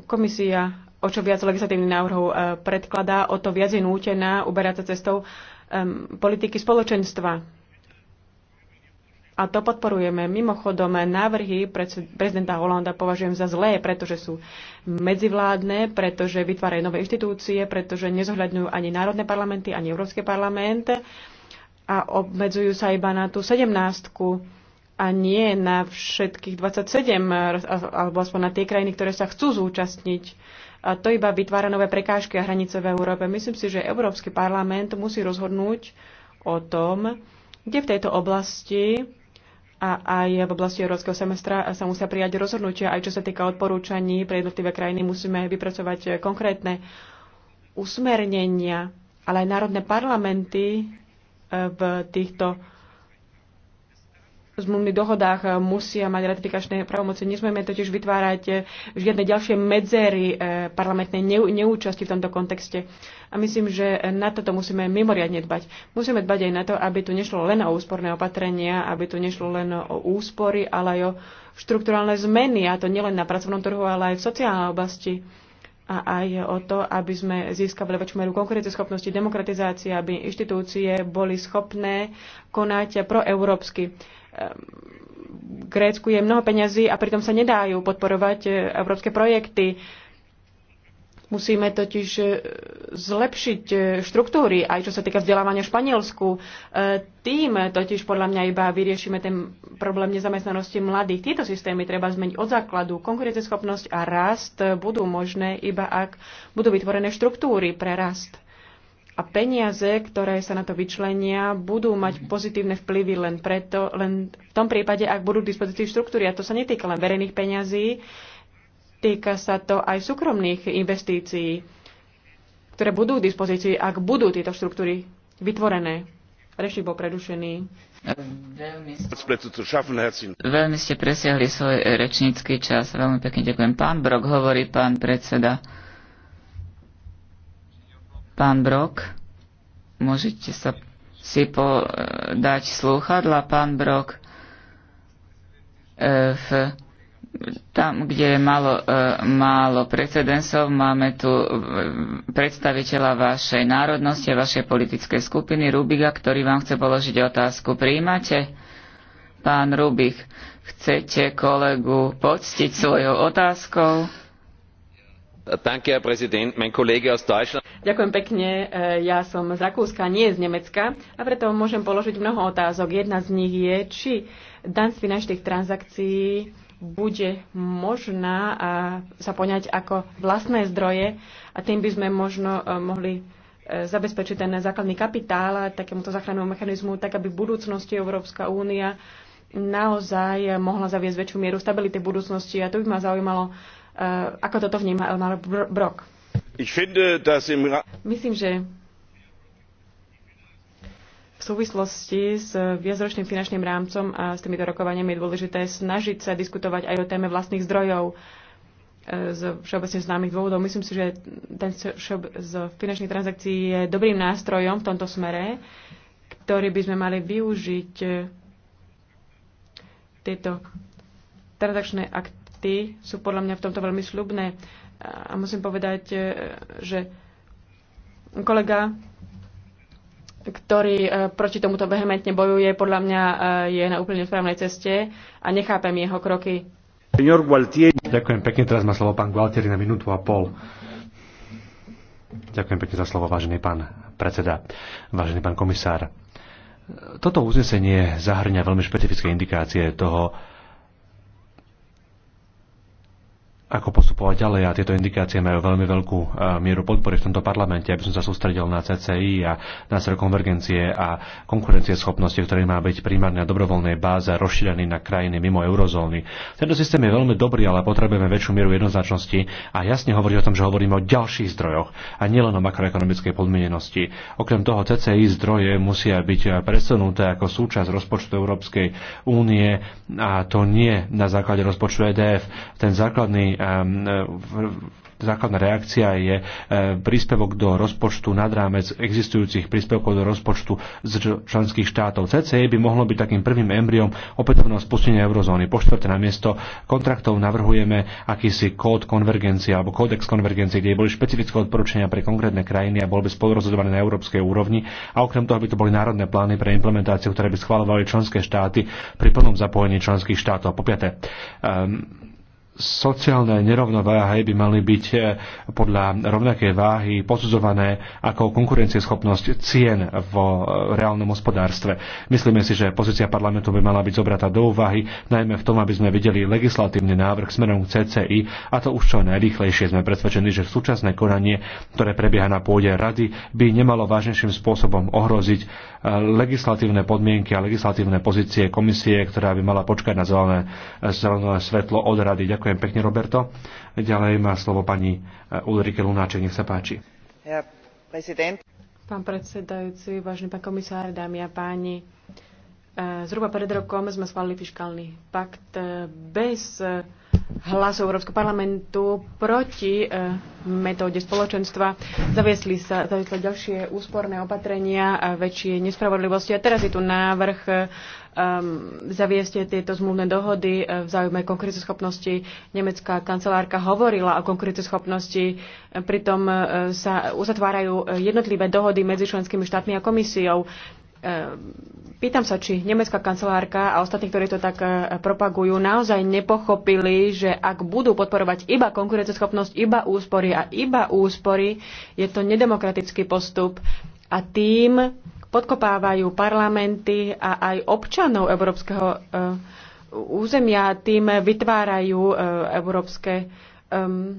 komisia o čo viac legislatívnych návrhov e, predkladá, o to viac je nútená uberať sa cestou e, politiky spoločenstva a to podporujeme. Mimochodom, návrhy prezidenta Holanda považujem za zlé, pretože sú medzivládne, pretože vytvárajú nové inštitúcie, pretože nezohľadňujú ani národné parlamenty, ani Európske parlament a obmedzujú sa iba na tú sedemnástku a nie na všetkých 27, alebo aspoň na tie krajiny, ktoré sa chcú zúčastniť. A to iba vytvára nové prekážky a hranice v Európe. Myslím si, že Európsky parlament musí rozhodnúť o tom, kde v tejto oblasti a aj v oblasti európskeho semestra sa musia prijať rozhodnutia, aj čo sa týka odporúčaní pre jednotlivé krajiny musíme vypracovať konkrétne usmernenia, ale aj národné parlamenty eh, v týchto v zmluvných dohodách e, musia mať ratifikačné právomoci. Nesmieme totiž vytvárať e, žiadne ďalšie medzery e, parlamentnej neúčasti v tomto kontexte. A myslím, že na toto musíme mimoriadne dbať. Musíme dbať aj na to, aby tu nešlo len o úsporné opatrenia, aby tu nešlo len o úspory, ale aj o štruktúralne zmeny, a to nielen na pracovnom trhu, ale aj v sociálnej oblasti a aj o to, aby sme získali väčšiu mieru schopnosti demokratizácie, aby inštitúcie boli schopné konať proeurópsky. Ehm, Grécku je mnoho peňazí a pritom sa nedajú podporovať e, európske projekty. Musíme totiž e, zlepšiť e, štruktúry, aj čo sa týka vzdelávania v Španielsku. Tým totiž podľa mňa iba vyriešime ten problém nezamestnanosti mladých. Tieto systémy treba zmeniť od základu. Konkurenceschopnosť a rast budú možné iba ak budú vytvorené štruktúry pre rast. A peniaze, ktoré sa na to vyčlenia, budú mať pozitívne vplyvy len, preto, len v tom prípade, ak budú k dispozícii štruktúry. A to sa netýka len verejných peňazí, týka sa to aj súkromných investícií, ktoré budú k dispozícii, ak budú tieto štruktúry vytvorené. Reši bol predušený. Veľmi ste, veľmi ste presiahli svoj rečnícky čas. Veľmi pekne ďakujem. Pán Brok hovorí, pán predseda. Pán Brok, môžete sa si podať slúchadla, pán Brok, v, tam, kde je málo, e, málo precedensov, máme tu predstaviteľa vašej národnosti vašej politickej skupiny Rubiga, ktorý vám chce položiť otázku. Príjmate? Pán Rubik, chcete kolegu poctiť svojou otázkou? Ďakujem pekne. E, ja som z Rakúska, nie z Nemecka a preto môžem položiť mnoho otázok. Jedna z nich je, či daň z finančných transakcií bude možná a sa poňať ako vlastné zdroje a tým by sme možno e, mohli e, zabezpečiť ten základný kapitál a takémuto záchrannému mechanizmu, tak aby v budúcnosti Európska únia naozaj mohla zaviesť väčšiu mieru stability v budúcnosti. A to by ma zaujímalo, Eh, ako toto vníma Elmar Brock? Myslím, že v súvislosti s viacročným finančným rámcom a s týmito rokovaniami je dôležité snažiť sa diskutovať aj o téme vlastných zdrojov eh, z všeobecne známych dôvodov. Myslím si, že ten z finančných transakcií je dobrým nástrojom v tomto smere, ktorý by sme mali využiť eh, tieto transakčné aktivity Ty sú podľa mňa v tomto veľmi slubné. A musím povedať, e, že kolega, ktorý e, proti tomuto vehementne bojuje, podľa mňa e, je na úplne správnej ceste a nechápem jeho kroky. Ďakujem pekne, teraz má slovo pán Gualtieri na minútu a pol. Ďakujem pekne za slovo, vážený pán predseda, vážený pán komisár. Toto uznesenie zahrňa veľmi špecifické indikácie toho, ako postupovať ďalej a tieto indikácie majú veľmi veľkú e, mieru podpory v tomto parlamente, aby som sa sústredil na CCI a na konvergencie a schopnosti, ktorý má byť primárne na dobrovoľnej báze rozšírený na krajiny mimo eurozóny. Tento systém je veľmi dobrý, ale potrebujeme väčšiu mieru jednoznačnosti a jasne hovorí o tom, že hovoríme o ďalších zdrojoch a nielen o makroekonomickej podmienenosti. Okrem toho CCI zdroje musia byť e, presunuté ako súčasť rozpočtu Európskej únie a to nie na základe rozpočtu EDF. Ten základný e, Ehm, základná reakcia je eh, príspevok do rozpočtu nad rámec existujúcich príspevkov do rozpočtu z členských štátov. CCE by mohlo byť takým prvým embryom opätovného spustenia eurozóny. Po štvrté namiesto kontraktov navrhujeme akýsi kód konvergencie alebo kódex konvergencie, kde boli špecifické odporúčania pre konkrétne krajiny a bol by spolurozhodované na európskej úrovni a okrem toho by to boli národné plány pre implementáciu, ktoré by schválovali členské štáty pri plnom zapojení členských štátov. Po piaté, um, sociálne nerovnováhy by mali byť eh, podľa rovnakej váhy posudzované ako konkurencieschopnosť cien v eh, reálnom hospodárstve. Myslíme si, že pozícia parlamentu by mala byť zobratá do úvahy, najmä v tom, aby sme videli legislatívny návrh smerom k CCI a to už čo najrýchlejšie. Sme presvedčení, že súčasné konanie, ktoré prebieha na pôde rady, by nemalo vážnejším spôsobom ohroziť eh, legislatívne podmienky a legislatívne pozície komisie, ktorá by mala počkať na zelené, zelené svetlo od rady. Ďakujem Ďakujem pekne, Roberto. Ďalej má slovo pani eh, Ulrike Lunáček. Nech sa páči. Ja, prezident. Pán predsedajúci, vážny pán komisár, dámy a páni. Eh, zhruba pred rokom sme schválili fiskálny pakt eh, bez hlasu Európskeho parlamentu proti eh, metóde spoločenstva. Zaviesli sa, zaviesli ďalšie úsporné opatrenia a väčšie nespravodlivosti. A teraz je tu návrh e, zaviesť tieto zmluvné dohody eh, v záujme konkurenceschopnosti. Nemecká kancelárka hovorila o konkurenceschopnosti, pritom sa uzatvárajú jednotlivé dohody medzi členskými štátmi a komisiou. Ehm, pýtam sa, či nemecká kancelárka a ostatní, ktorí to tak e, propagujú, naozaj nepochopili, že ak budú podporovať iba konkurenceschopnosť, iba úspory a iba úspory, je to nedemokratický postup a tým podkopávajú parlamenty a aj občanov európskeho e, územia, tým vytvárajú e, európske um,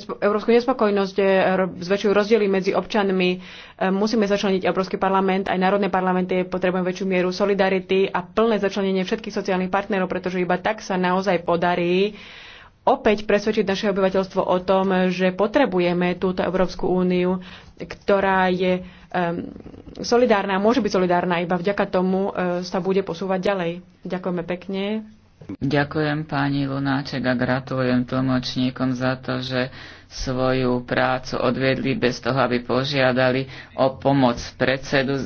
európsku nespokojnosť, eh, zväčšujú rozdiely medzi občanmi. Eh, musíme začleniť Európsky parlament, aj národné parlamenty potrebujú väčšiu mieru solidarity a plné začlenenie všetkých sociálnych partnerov, pretože iba tak sa naozaj podarí opäť presvedčiť naše obyvateľstvo o tom, že potrebujeme túto Európsku úniu, ktorá je um, solidárna, môže byť solidárna, iba vďaka tomu uh, sa bude posúvať ďalej. Ďakujeme pekne. Ďakujem pani Lunáček a gratulujem tlmočníkom za to, že svoju prácu odviedli bez toho, aby požiadali o pomoc predsedu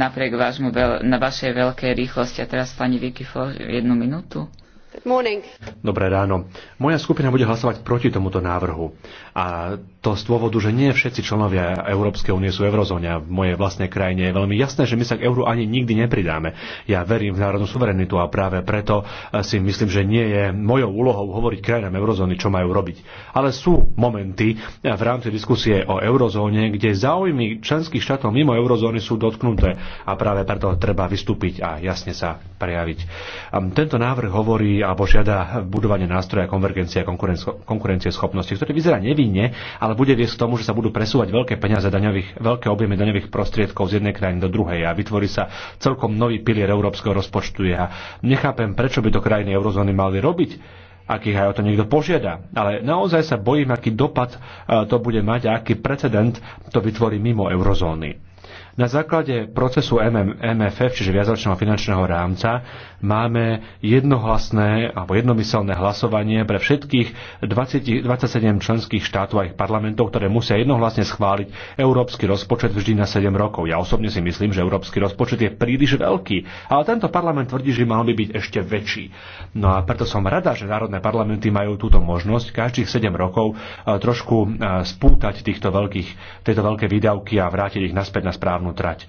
napriek vášmu, na vašej veľkej rýchlosti. A teraz pani Vicky jednu minútu. Dobré ráno. Moja skupina bude hlasovať proti tomuto návrhu. A to z dôvodu, že nie všetci členovia Európskej únie sú eurozóne. A v mojej vlastnej krajine je veľmi jasné, že my sa k euru ani nikdy nepridáme. Ja verím v národnú suverenitu a práve preto eh, si myslím, že nie je mojou úlohou hovoriť krajinám eurozóny, čo majú robiť. Ale sú momenty eh, v rámci diskusie o eurozóne, kde záujmy členských štátov mimo eurozóny sú dotknuté a práve preto treba vystúpiť a jasne sa prejaviť. Ehm, tento návrh hovorí alebo žiada budovanie nástroja konvergencie a konkurencie schopnosti, ktorý vyzerá nevinne, ale bude viesť k tomu, že sa budú presúvať veľké peniaze daňových, veľké objemy daňových prostriedkov z jednej krajiny do druhej a vytvorí sa celkom nový pilier európskeho rozpočtu. Ja nechápem, prečo by to krajiny eurozóny mali robiť ak ich aj o to niekto požiada. Ale naozaj sa bojím, aký dopad e, to bude mať a aký precedent to vytvorí mimo eurozóny. Na základe procesu MFF, čiže viazočného finančného rámca, máme jednohlasné alebo jednomyselné hlasovanie pre všetkých 20, 27 členských štátov a ich parlamentov, ktoré musia jednohlasne schváliť európsky rozpočet vždy na 7 rokov. Ja osobne si myslím, že európsky rozpočet je príliš veľký, ale tento parlament tvrdí, že mal by byť ešte väčší. No a preto som rada, že národné parlamenty majú túto možnosť každých 7 rokov eh, trošku eh, spútať týchto veľkých, tieto veľké výdavky a vrátiť ich naspäť na správnu trať.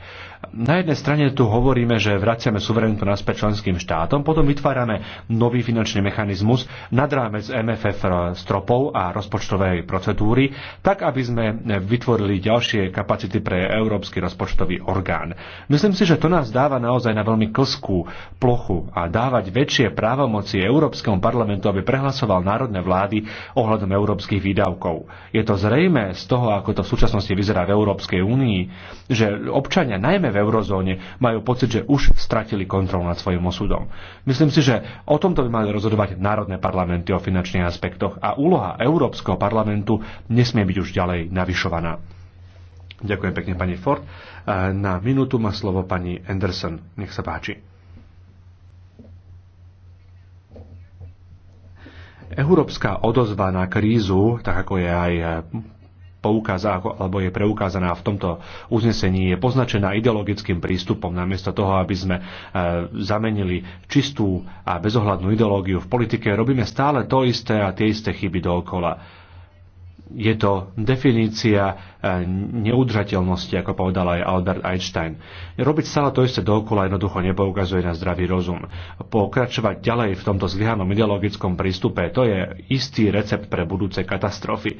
Na jednej strane tu hovoríme, že vraciame suverenitu naspäť členským štátom, potom vytvárame nový finančný mechanizmus nad rámec MFF stropov a rozpočtovej procedúry, tak aby sme vytvorili ďalšie kapacity pre Európsky rozpočtový orgán. Myslím si, že to nás dáva naozaj na veľmi klskú plochu a dávať väčšie právomoci Európskemu parlamentu, aby prehlasoval národné vlády ohľadom európskych výdavkov. Je to zrejme z toho, ako to v súčasnosti vyzerá v Európskej únii, že občania najmä v eurozóne, majú pocit, že už stratili kontrolu nad svojim osudom. Myslím si, že o tomto by mali rozhodovať národné parlamenty o finančných aspektoch a úloha Európskeho parlamentu nesmie byť už ďalej navyšovaná. Ďakujem pekne pani Ford. Na minútu má slovo pani Anderson. Nech sa páči. Európska odozva na krízu, tak ako je aj poukáza, alebo je preukázaná v tomto uznesení, je poznačená ideologickým prístupom, namiesto toho, aby sme e, zamenili čistú a bezohľadnú ideológiu v politike, robíme stále to isté a tie isté chyby dookola je to definícia e, neudržateľnosti, ako povedal aj Albert Einstein. Robiť stále to isté dookola jednoducho nepoukazuje na zdravý rozum. Pokračovať ďalej v tomto zlyhanom ideologickom prístupe, to je istý recept pre budúce katastrofy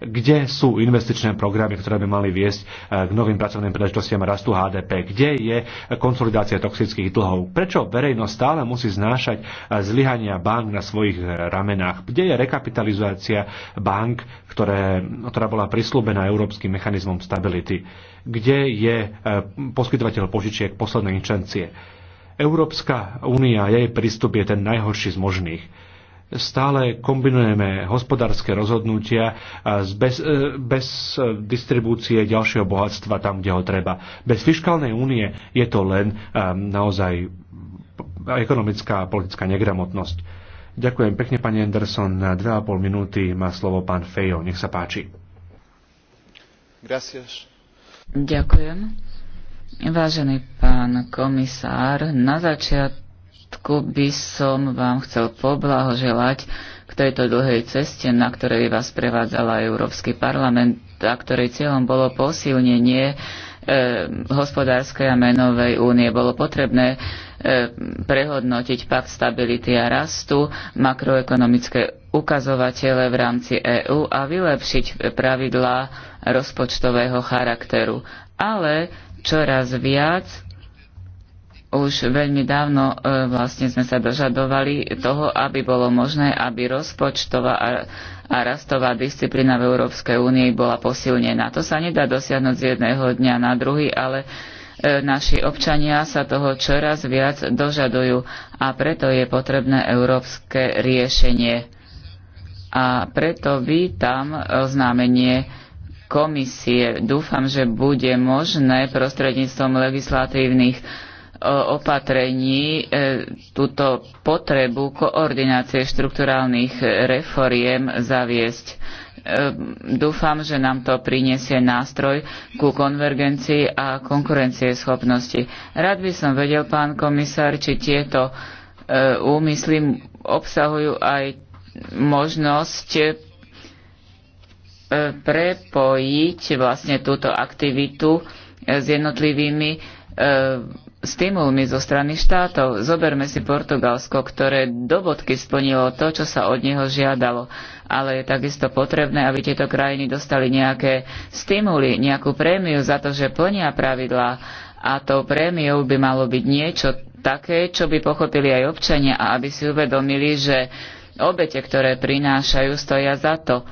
kde sú investičné programy, ktoré by mali viesť eh, k novým pracovným príležitostiam rastu HDP, kde je konsolidácia toxických dlhov, prečo verejnosť stále musí znášať eh, zlyhania bank na svojich eh, ramenách, kde je rekapitalizácia bank, ktoré, ktorá bola prislúbená Európskym mechanizmom stability, kde je poskytovateľ požičiek poslednej inštancie. Európska únia a jej prístup je ten najhorší z možných stále kombinujeme hospodárske rozhodnutia bez, e, bez distribúcie ďalšieho bohatstva tam, kde ho treba. Bez fiskálnej únie je to len e, naozaj ekonomická a politická negramotnosť. Ďakujem pekne, pani Anderson. Na 2,5 minúty má slovo pán Fejo. Nech sa páči. Gracias. Ďakujem. Vážený pán komisár, na začiatku všetko by som vám chcel poblahoželať k tejto dlhej ceste, na ktorej vás prevádzala Európsky parlament a ktorej cieľom bolo posilnenie e, hospodárskej a menovej únie. Bolo potrebné e, prehodnotiť pakt stability a rastu, makroekonomické ukazovatele v rámci EÚ a vylepšiť pravidlá rozpočtového charakteru. Ale čoraz viac už veľmi dávno e, vlastne sme sa dožadovali toho, aby bolo možné, aby rozpočtová a, a rastová disciplína v Európskej únii bola posilnená. To sa nedá dosiahnuť z jedného dňa na druhý, ale e, naši občania sa toho čoraz viac dožadujú a preto je potrebné európske riešenie. A preto vítam oznámenie komisie. Dúfam, že bude možné prostredníctvom legislatívnych opatrení e, túto potrebu koordinácie štrukturálnych reforiem zaviesť. E, dúfam, že nám to prinesie nástroj ku konvergencii a konkurencieschopnosti. Rád by som vedel, pán komisár, či tieto e, úmysly obsahujú aj možnosť prepojiť vlastne túto aktivitu s jednotlivými stimulmi zo strany štátov. Zoberme si Portugalsko, ktoré do bodky splnilo to, čo sa od neho žiadalo. Ale je takisto potrebné, aby tieto krajiny dostali nejaké stimuly, nejakú prémiu za to, že plnia pravidlá. A tou prémiou by malo byť niečo také, čo by pochopili aj občania a aby si uvedomili, že obete, ktoré prinášajú, stoja za to.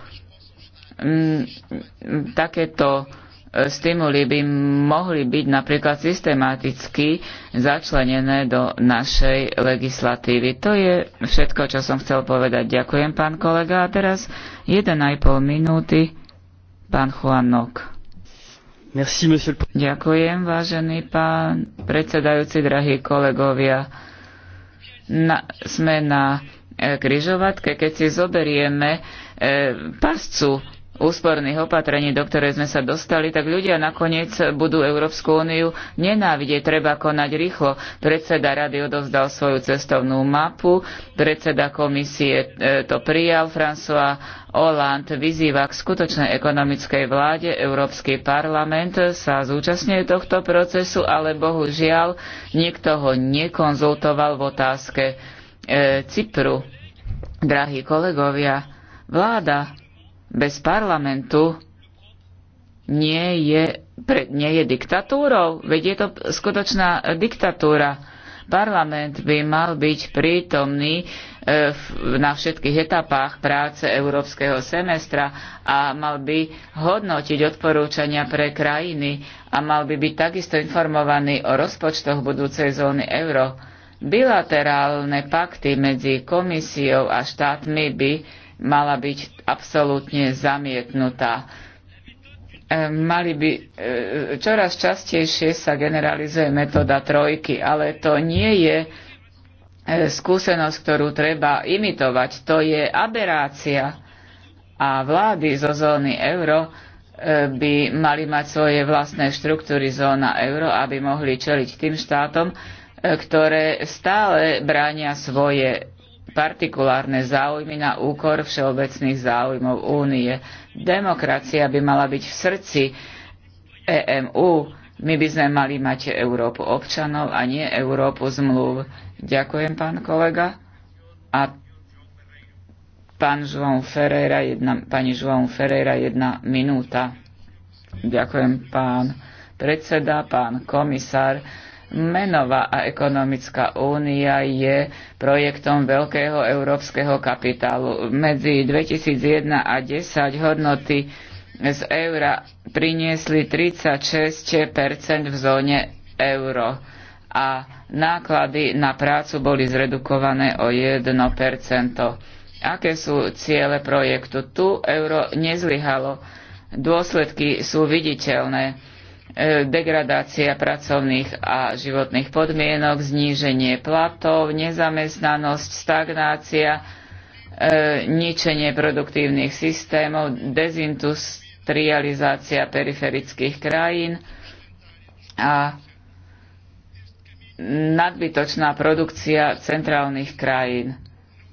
Mm, takéto stimuly by mohli byť napríklad systematicky začlenené do našej legislatívy. To je všetko, čo som chcel povedať. Ďakujem, pán kolega. A teraz 1,5 minúty, pán Juanok. Merci, monsieur... Ďakujem, vážený pán predsedajúci, drahí kolegovia. Na, sme na e, križovatke, keď si zoberieme e, pascu úsporných opatrení, do ktoré sme sa dostali, tak ľudia nakoniec budú Európsku úniu nenávidieť. Treba konať rýchlo. Predseda rady odovzdal svoju cestovnú mapu, predseda komisie e, to prijal, François Hollande vyzýva k skutočnej ekonomickej vláde. Európsky parlament sa zúčastňuje tohto procesu, ale bohužiaľ nikto ho nekonzultoval v otázke e, Cypru. Drahí kolegovia, vláda bez parlamentu nie je, pre, nie je diktatúrou, veď je to skutočná diktatúra. Parlament by mal byť prítomný e, na všetkých etapách práce európskeho semestra a mal by hodnotiť odporúčania pre krajiny a mal by byť takisto informovaný o rozpočtoch budúcej zóny euro. Bilaterálne pakty medzi komisiou a štátmi by mala byť absolútne zamietnutá. E, mali by, e, čoraz častejšie sa generalizuje metóda trojky, ale to nie je e, skúsenosť, ktorú treba imitovať. To je aberácia a vlády zo zóny euro by mali mať svoje vlastné štruktúry zóna euro, aby mohli čeliť tým štátom, ktoré stále bránia svoje partikulárne záujmy na úkor všeobecných záujmov únie. Demokracia by mala byť v srdci EMU. My by sme mali mať Európu občanov a nie Európu zmluv. Ďakujem, pán kolega. A pán João Ferreira, jedna, pani João Ferreira, jedna minúta. Ďakujem, pán predseda, pán komisár. Menová a ekonomická únia je projektom veľkého európskeho kapitálu. Medzi 2001 a 2010 hodnoty z eura priniesli 36 v zóne euro a náklady na prácu boli zredukované o 1 Aké sú ciele projektu? Tu euro nezlyhalo. Dôsledky sú viditeľné E, degradácia pracovných a životných podmienok, zníženie platov, nezamestnanosť, stagnácia, e, ničenie produktívnych systémov, dezindustrializácia periferických krajín a nadbytočná produkcia centrálnych krajín.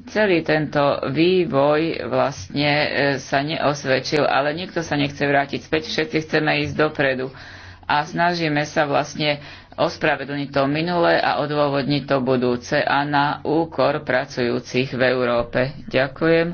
Celý tento vývoj vlastne e, sa neosvedčil, ale nikto sa nechce vrátiť späť, všetci chceme ísť dopredu a snažíme sa vlastne ospravedlniť to minulé a odôvodniť to budúce a na úkor pracujúcich v Európe. Ďakujem.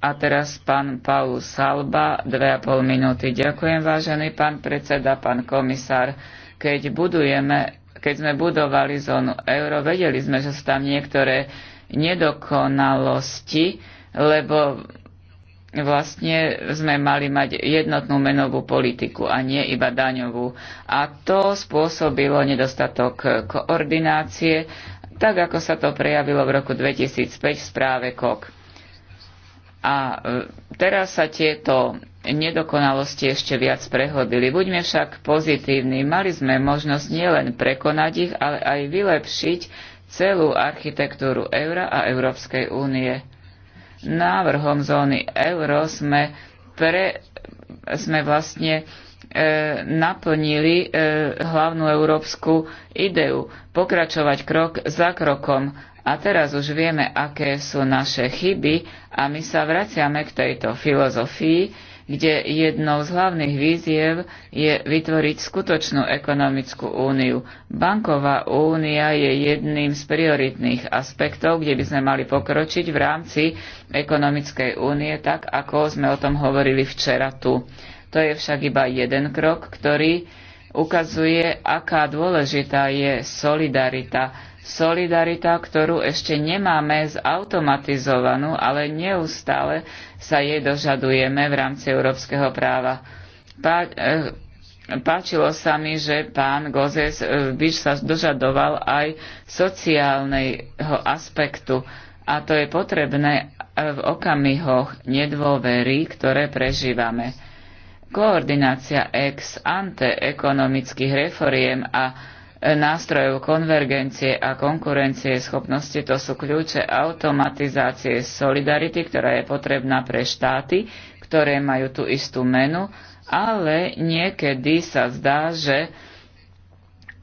A teraz pán Paul Salba, dve a pol minúty. Ďakujem, vážený pán predseda, pán komisár. Keď, budujeme, keď sme budovali zónu euro, vedeli sme, že sú tam niektoré nedokonalosti, lebo vlastne sme mali mať jednotnú menovú politiku a nie iba daňovú. A to spôsobilo nedostatok koordinácie, tak ako sa to prejavilo v roku 2005 v správe KOK. A e, teraz sa tieto nedokonalosti ešte viac prehodili. Buďme však pozitívni, mali sme možnosť nielen prekonať ich, ale aj vylepšiť celú architektúru eura a Európskej únie návrhom zóny euro sme, pre, sme vlastne e, naplnili e, hlavnú európsku ideu pokračovať krok za krokom. A teraz už vieme, aké sú naše chyby a my sa vraciame k tejto filozofii, kde jednou z hlavných víziev je vytvoriť skutočnú ekonomickú úniu. Banková únia je jedným z prioritných aspektov, kde by sme mali pokročiť v rámci ekonomickej únie, tak ako sme o tom hovorili včera tu. To je však iba jeden krok, ktorý ukazuje, aká dôležitá je solidarita solidarita, ktorú ešte nemáme zautomatizovanú, ale neustále sa jej dožadujeme v rámci európskeho práva. Pá, eh, páčilo sa mi, že pán Gozes eh, by sa dožadoval aj sociálneho aspektu a to je potrebné eh, v okamihoch nedôvery, ktoré prežívame. Koordinácia ex ante ekonomických reforiem a nástrojov konvergencie a konkurencie schopnosti, to sú kľúče automatizácie solidarity, ktorá je potrebná pre štáty, ktoré majú tú istú menu, ale niekedy sa zdá, že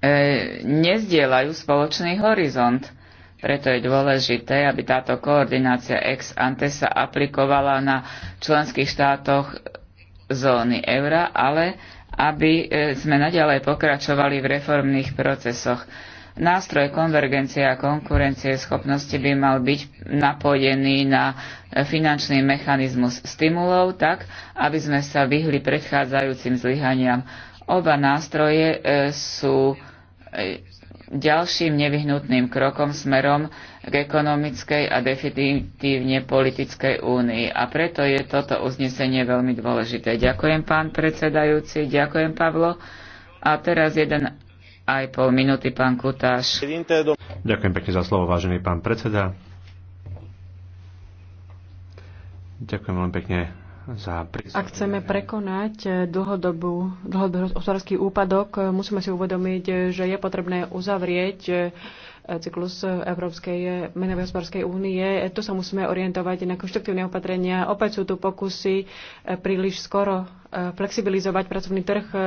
e, nezdielajú spoločný horizont. Preto je dôležité, aby táto koordinácia ex ante sa aplikovala na členských štátoch zóny eura, ale aby e, sme naďalej pokračovali v reformných procesoch. Nástroj konvergencie a konkurencie schopnosti by mal byť napojený na e, finančný mechanizmus stimulov tak, aby sme sa vyhli predchádzajúcim zlyhaniam. Oba nástroje e, sú ďalším nevyhnutným krokom smerom k ekonomickej a definitívne politickej únii. A preto je toto uznesenie veľmi dôležité. Ďakujem, pán predsedajúci, ďakujem, Pavlo. A teraz jeden aj pol minúty, pán Kutáš. Ďakujem pekne za slovo, vážený pán predseda. Ďakujem veľmi pekne za Ak chceme prekonať eh, dlhodobú, dlhodobý hospodársky úpadok, eh, musíme si uvedomiť, eh, že je potrebné uzavrieť cyklus Európskej menovej hospodárskej únie. To sa musíme orientovať na konštruktívne opatrenia. Opäť sú tu pokusy príliš skoro flexibilizovať pracovný trh, e,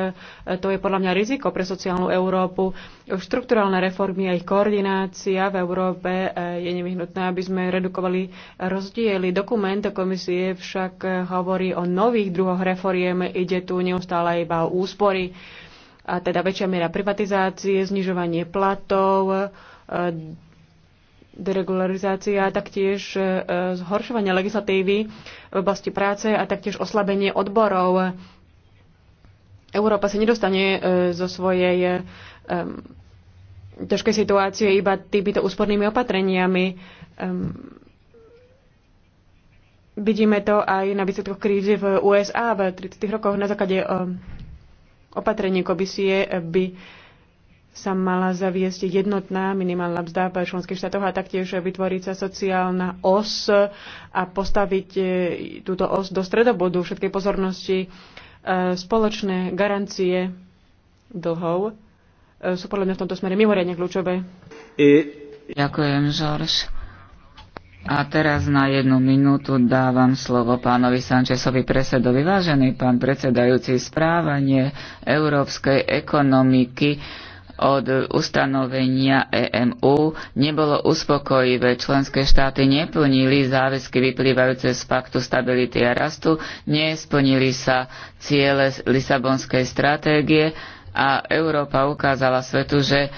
to je podľa mňa riziko pre sociálnu Európu. Štrukturálne reformy a ich koordinácia v Európe e, je nevyhnutná, aby sme redukovali rozdiely. Dokument komisie však e, hovorí o nových druhoch reforiem, ide tu neustále iba o úspory, a teda väčšia miera privatizácie, znižovanie platov, deregularizácia, taktiež e, zhoršovanie legislatívy v oblasti práce a taktiež oslabenie odborov. Európa sa nedostane e, zo svojej e, ťažkej situácie iba týmito úspornými opatreniami. Vidíme to aj na výsledkoch krízy v USA v 30. rokoch na základe opatrení komisie by sa mala zaviesť jednotná minimálna mzda v členských štátoch a taktiež vytvoriť sa sociálna os a postaviť e, túto os do stredobodu všetkej pozornosti. E, spoločné garancie dlhov e, sú podľa mňa v tomto smere mimoriadne kľúčové. Ďakujem, Žorž. A teraz na jednu minútu dávam slovo pánovi Sančesovi predsedovi. Vážený pán predsedajúci, správanie európskej ekonomiky od ustanovenia EMU nebolo uspokojivé. Členské štáty neplnili záväzky vyplývajúce z paktu stability a rastu, nesplnili sa ciele Lisabonskej stratégie a Európa ukázala svetu, že e,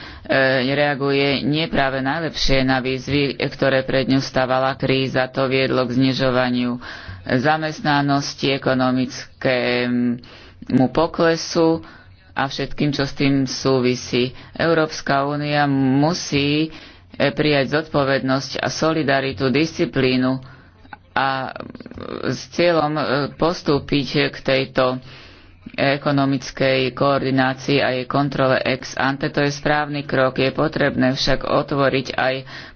reaguje nepráve najlepšie na výzvy, ktoré pred ňu stávala kríza. To viedlo k znižovaniu zamestnanosti, ekonomickému poklesu, a všetkým, čo s tým súvisí. Európska únia musí eh, prijať zodpovednosť a solidaritu, disciplínu a s cieľom eh, postúpiť k tejto ekonomickej koordinácii a jej kontrole ex ante. To je správny krok. Je potrebné však otvoriť aj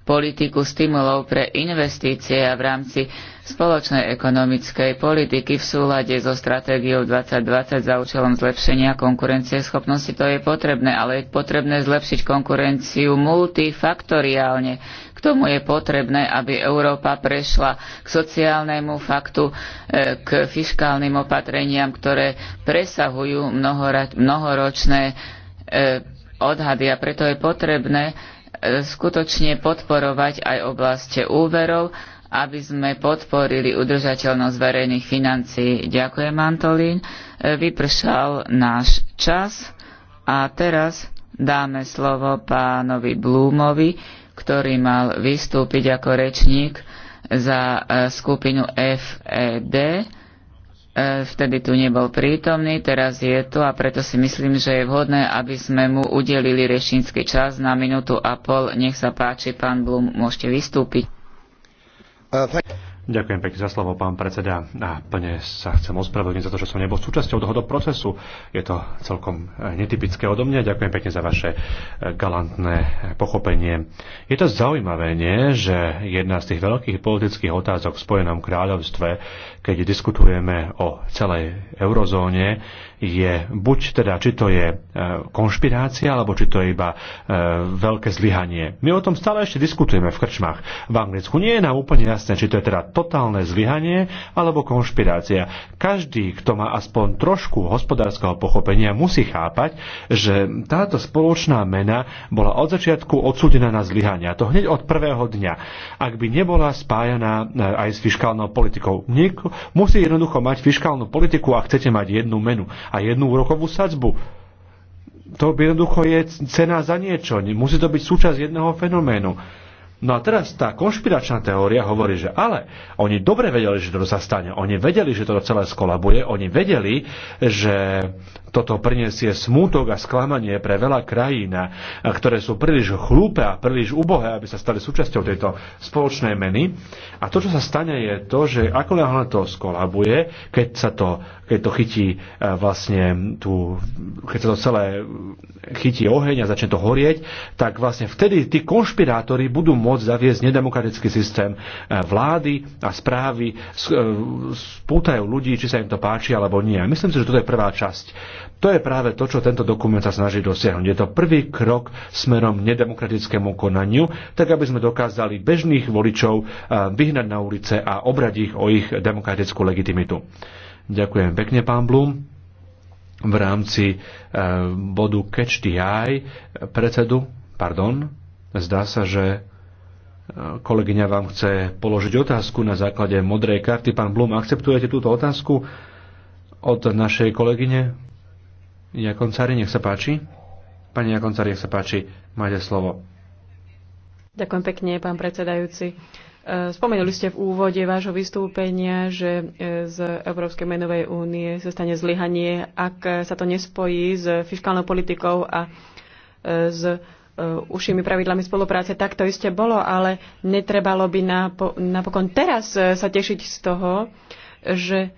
politiku stimulov pre investície a v rámci spoločnej ekonomickej politiky v súlade so stratégiou 2020 za účelom zlepšenia konkurencieschopnosti. To je potrebné, ale je potrebné zlepšiť konkurenciu multifaktoriálne tomu je potrebné, aby Európa prešla k sociálnemu faktu, e, k fiškálnym opatreniam, ktoré presahujú mnohoročné e, odhady a preto je potrebné e, skutočne podporovať aj oblasti úverov, aby sme podporili udržateľnosť verejných financií. Ďakujem, Antolín. Vypršal náš čas a teraz dáme slovo pánovi Blúmovi, ktorý mal vystúpiť ako rečník za e, skupinu FED. E, vtedy tu nebol prítomný, teraz je tu a preto si myslím, že je vhodné, aby sme mu udelili rečnícky čas na minútu a pol. Nech sa páči, pán Blum, môžete vystúpiť. Uh, Ďakujem pekne za slovo, pán predseda. A plne sa chcem ospravedlniť za to, že som nebol súčasťou tohoto procesu. Je to celkom eh, netypické odo mňa. Ďakujem pekne za vaše eh, galantné pochopenie. Je to zaujímavé, nie, že jedna z tých veľkých politických otázok v Spojenom kráľovstve, keď diskutujeme o celej eurozóne, je buď teda, či to je eh, konšpirácia, alebo či to je iba veľké zlyhanie. My o tom stále ešte diskutujeme v krčmách. V Anglicku nie je nám úplne jasné, či to je teda totálne zlyhanie alebo konšpirácia. Každý, kto má aspoň trošku hospodárskeho pochopenia, musí chápať, že táto spoločná mena bola od začiatku odsúdená na zlyhania. To hneď od prvého dňa. Ak by nebola spájaná eh, aj s fiskálnou politikou. Niek- musí jednoducho mať fiskálnu politiku a chcete mať jednu menu a jednu úrokovú sadzbu to jednoducho je cena za niečo. Musí to byť súčasť jedného fenoménu. No a teraz tá konšpiračná teória hovorí, že ale oni dobre vedeli, že to sa stane. Oni vedeli, že toto celé skolabuje. Oni vedeli, že toto prinesie smútok a sklamanie pre veľa krajín, ktoré sú príliš chlúpe a príliš ubohé, aby sa stali súčasťou tejto spoločnej meny. A to, čo sa stane, je to, že ako náhle to skolabuje, keď sa to, keď to chytí e, vlastne tú, keď sa to celé chytí oheň a začne to horieť, tak vlastne vtedy tí konšpirátori budú môcť zaviesť nedemokratický systém e, vlády a správy e, spútajú ľudí, či sa im to páči alebo nie. Myslím si, že toto je prvá časť. To je práve to, čo tento dokument sa snaží dosiahnuť. Je to prvý krok smerom nedemokratickému konaniu, tak aby sme dokázali bežných voličov e, vyhnať na ulice a obrať ich o ich demokratickú legitimitu. Ďakujem pekne, pán Blum v rámci bodu Catch the Eye predsedu, pardon, zdá sa, že Kolegyňa vám chce položiť otázku na základe modrej karty. Pán Blum, akceptujete túto otázku od našej kolegyne? Jakoncári, nech sa páči. Pani Jakoncári, nech sa páči, máte slovo. Ďakujem pekne, pán predsedajúci. E, spomenuli ste v úvode vášho vystúpenia, že e, z Európskej menovej únie sa stane zlyhanie, ak sa to nespojí s fiskálnou politikou a e, s E, ušimi pravidlami spolupráce, tak to iste bolo, ale netrebalo by napokon teraz e, sa tešiť z toho, že e,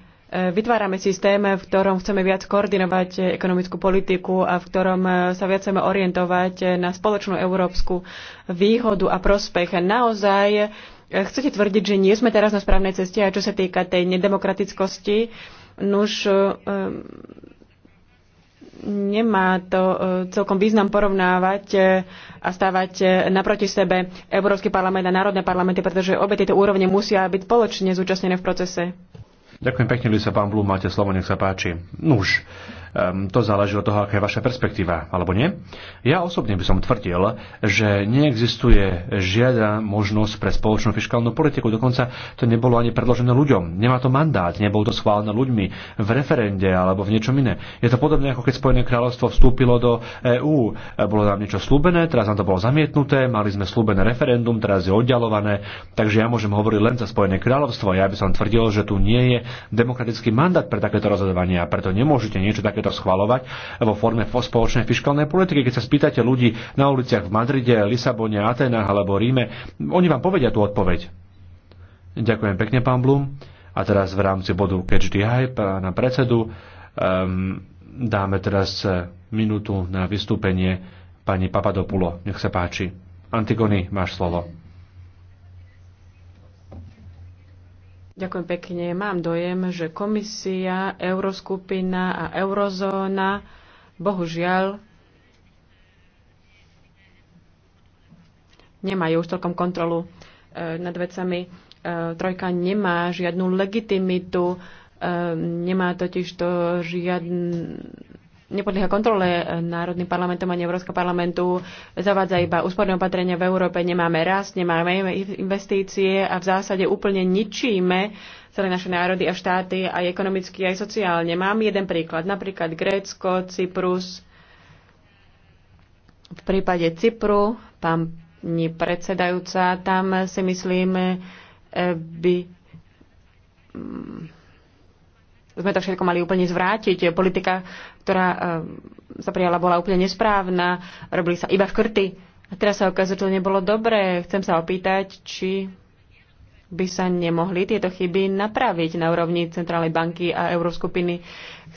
vytvárame systém, v ktorom chceme viac koordinovať ekonomickú politiku a v ktorom sa viac chceme orientovať na spoločnú európsku výhodu a prospech. Naozaj chcete tvrdiť, že nie sme teraz na správnej ceste a čo sa týka tej nedemokratickosti, nuž nemá to e, celkom význam porovnávať e, a stávať e, naproti sebe Európsky parlament a národné parlamenty, pretože obe tieto úrovne musia byť spoločne zúčastnené v procese. Ďakujem pekne, Lisa Blum, máte slovo, nech sa páči. Nuž, Ehm, to záleží od toho, aká je vaša perspektíva, alebo nie. Ja osobne by som tvrdil, že neexistuje žiadna možnosť pre spoločnú fiskálnu politiku. Dokonca to nebolo ani predložené ľuďom. Nemá to mandát, nebolo to schválené ľuďmi v referende alebo v niečom iné. Je to podobné, ako keď Spojené kráľovstvo vstúpilo do EÚ. E, bolo nám niečo slúbené, teraz nám to bolo zamietnuté, mali sme slúbené referendum, teraz je oddialované, takže ja môžem hovoriť len za Spojené kráľovstvo. Ja by som tvrdil, že tu nie je demokratický mandát pre takéto rozhodovanie a preto nemôžete niečo takéto to schvalovať vo forme spoločnej fiskálnej politiky. Keď sa spýtate ľudí na uliciach v Madride, Lisabone, Atenách alebo Ríme, oni vám povedia tú odpoveď. Ďakujem pekne, pán Blum. A teraz v rámci bodu Catch the Hype na predsedu um, dáme teraz eh, minútu na vystúpenie pani Papadopulo. Nech sa páči. Antigony, máš slovo. Ďakujem pekne. Mám dojem, že komisia, euroskupina a eurozóna bohužiaľ nemajú už celkom kontrolu e, nad vecami. E, trojka nemá žiadnu legitimitu, e, nemá totiž to žiadnu nepodlieha kontrole e, Národným parlamentom ani Európskeho parlamentu, zavádza iba úsporné opatrenia v Európe, nemáme rast, nemáme investície a v zásade úplne ničíme celé naše národy a štáty aj ekonomicky, aj sociálne. Mám jeden príklad, napríklad Grécko, Cyprus. V prípade Cypru, ni predsedajúca, tam si myslím, e, by mm, sme to všetko mali úplne zvrátiť. Politika, ktorá e, sa prijala, bola úplne nesprávna, robili sa iba škrty. A teraz sa ukazuje, že to nebolo dobré. Chcem sa opýtať, či by sa nemohli tieto chyby napraviť na úrovni Centrálnej banky a Euroskupiny.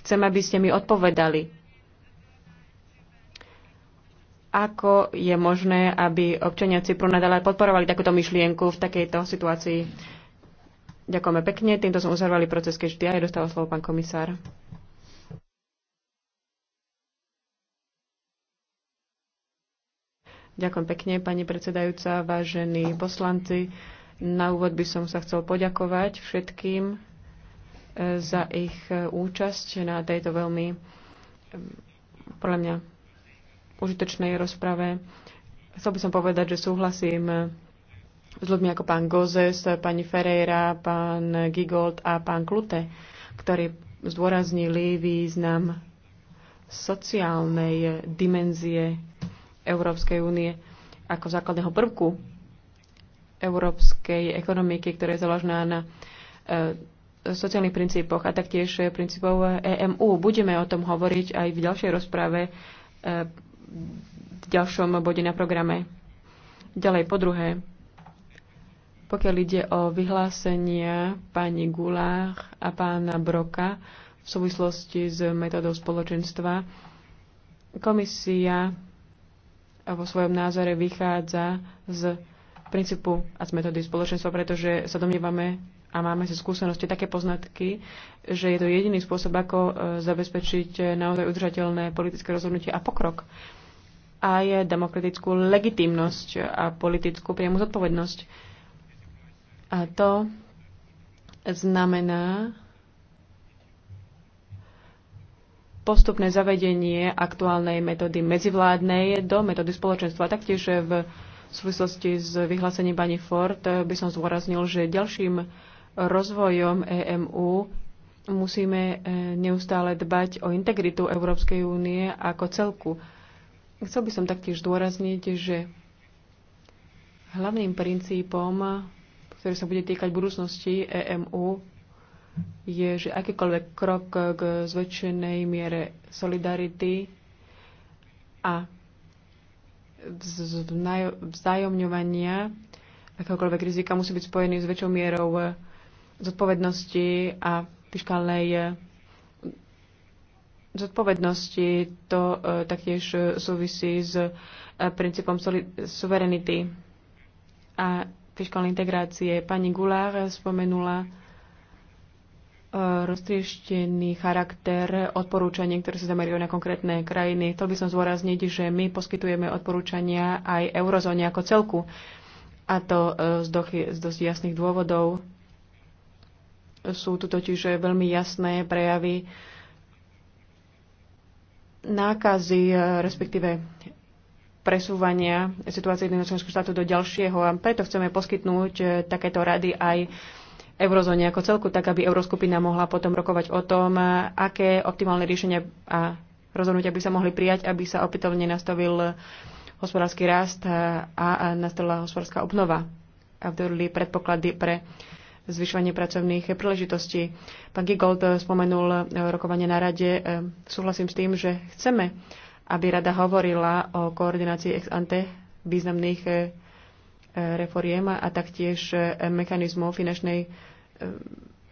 Chcem, aby ste mi odpovedali ako je možné, aby občania Cypru nadále podporovali takúto myšlienku v takejto situácii. Ďakujeme pekne. Týmto sme uzervali proces aj Dostáva slovo pán komisár. Ďakujem pekne, pani predsedajúca, vážení poslanci. Na úvod by som sa chcel poďakovať všetkým eh, za ich eh, účasť na tejto veľmi, eh, podľa mňa, užitočnej rozprave. Chcel by som povedať, že súhlasím s ľuďmi ako pán Gozes, pani Ferreira, pán Gigold a pán Klute, ktorí zdôraznili význam sociálnej dimenzie Európskej únie ako základného prvku európskej ekonomiky, ktorá je založená na e, sociálnych princípoch a taktiež princípov EMU. Budeme o tom hovoriť aj v ďalšej rozprave e, v ďalšom bode na programe. Ďalej po druhé, pokiaľ ide o vyhlásenia pani Gulách a pána Broka v súvislosti s metodou spoločenstva, komisia vo svojom názore vychádza z princípu a z metódy spoločenstva, pretože sa domnievame a máme si skúsenosti také poznatky, že je to jediný spôsob, ako e, zabezpečiť naozaj udržateľné politické rozhodnutie a pokrok a je demokratickú legitimnosť a politickú priamu zodpovednosť a to znamená postupné zavedenie aktuálnej metódy medzivládnej do metódy spoločenstva. Taktiež v súvislosti s vyhlásením pani Ford by som zdôraznil, že ďalším rozvojom EMU musíme e, neustále dbať o integritu Európskej únie ako celku. Chcel by som taktiež zdôrazniť, že hlavným princípom ktorý sa bude týkať budúcnosti EMU, je, že akýkoľvek krok k zväčšenej miere solidarity a vzájomňovania akéhokoľvek rizika musí byť spojený s väčšou mierou zodpovednosti a fiskálnej eh, zodpovednosti. To eh, taktiež súvisí s eh, princípom suverenity. A fiskálnej integrácie. Pani Gulár spomenula e, roztrieštený charakter odporúčaní, ktoré sa zamerujú na konkrétne krajiny. Chcel by som zvorazniť, že my poskytujeme odporúčania aj eurozóne ako celku. A to e, z, dochy, z dosť jasných dôvodov. Sú tu totiž veľmi jasné prejavy nákazy, e, respektíve presúvania situácie jedného členského štátu do ďalšieho a preto chceme poskytnúť e, takéto rady aj eurozóne ako celku, tak aby euroskupina mohla potom rokovať o tom, e, aké optimálne riešenia a rozhodnutia by sa mohli prijať, aby sa opätovne nastavil hospodársky rast e, a nastavila hospodárska obnova a vdorili predpoklady pre zvyšovanie pracovných príležitostí. Pán Gigold spomenul rokovanie na rade. Súhlasím s tým, že chceme aby rada hovorila o koordinácii ex ante významných e, e, reforiem a taktiež e, mechanizmov finančnej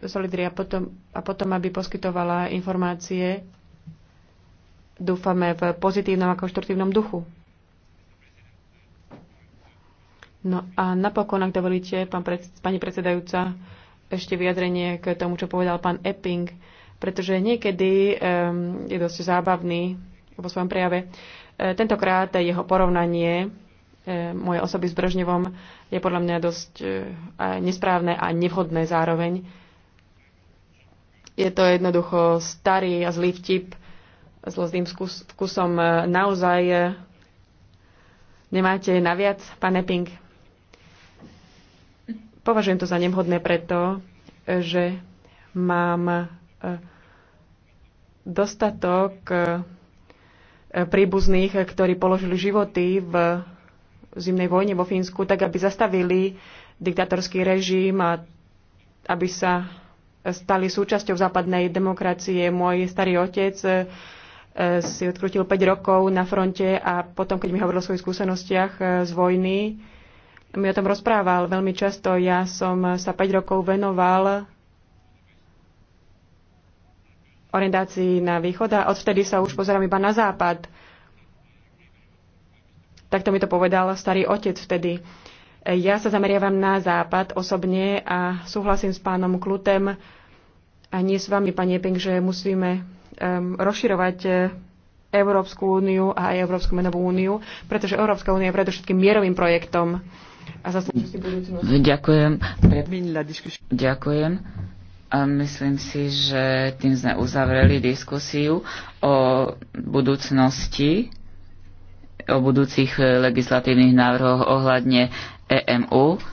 solidary a potom, a potom, aby poskytovala informácie, dúfame, v pozitívnom a konštruktívnom duchu. No a napokon, ak dovolíte, pán pred, pani predsedajúca, ešte vyjadrenie k tomu, čo povedal pán Epping, pretože niekedy um, je dosť zábavný vo svojom prejave. E, tentokrát jeho porovnanie e, moje osoby s Brežnevom je podľa mňa dosť e, nesprávne a nevhodné zároveň. Je to jednoducho starý a zlý vtip zlým vkusom. Naozaj nemáte naviac, pán Ping? Považujem to za nevhodné preto, že mám dostatok príbuzných, ktorí položili životy v zimnej vojne vo Fínsku, tak aby zastavili diktatorský režim a aby sa stali súčasťou západnej demokracie. Môj starý otec eh, si odkrutil 5 rokov na fronte a potom, keď mi hovoril o svojich skúsenostiach eh, z vojny, mi o tom rozprával. Veľmi často ja som sa 5 rokov venoval orientácii na východ a odvtedy sa už pozerám iba na západ. Takto mi to povedal starý otec vtedy. Ja sa zameriavam na západ osobne a súhlasím s pánom Klutem a nie s vami, pani Eping, že musíme um, rozširovať eh, Európsku úniu a aj Európsku menovú úniu, pretože Európska únia je predovšetkým mierovým projektom a zase, si budúcnosť. Ďakujem. Ďakujem myslím si, že tým sme uzavreli diskusiu o budúcnosti, o budúcich legislatívnych návrhoch ohľadne EMU.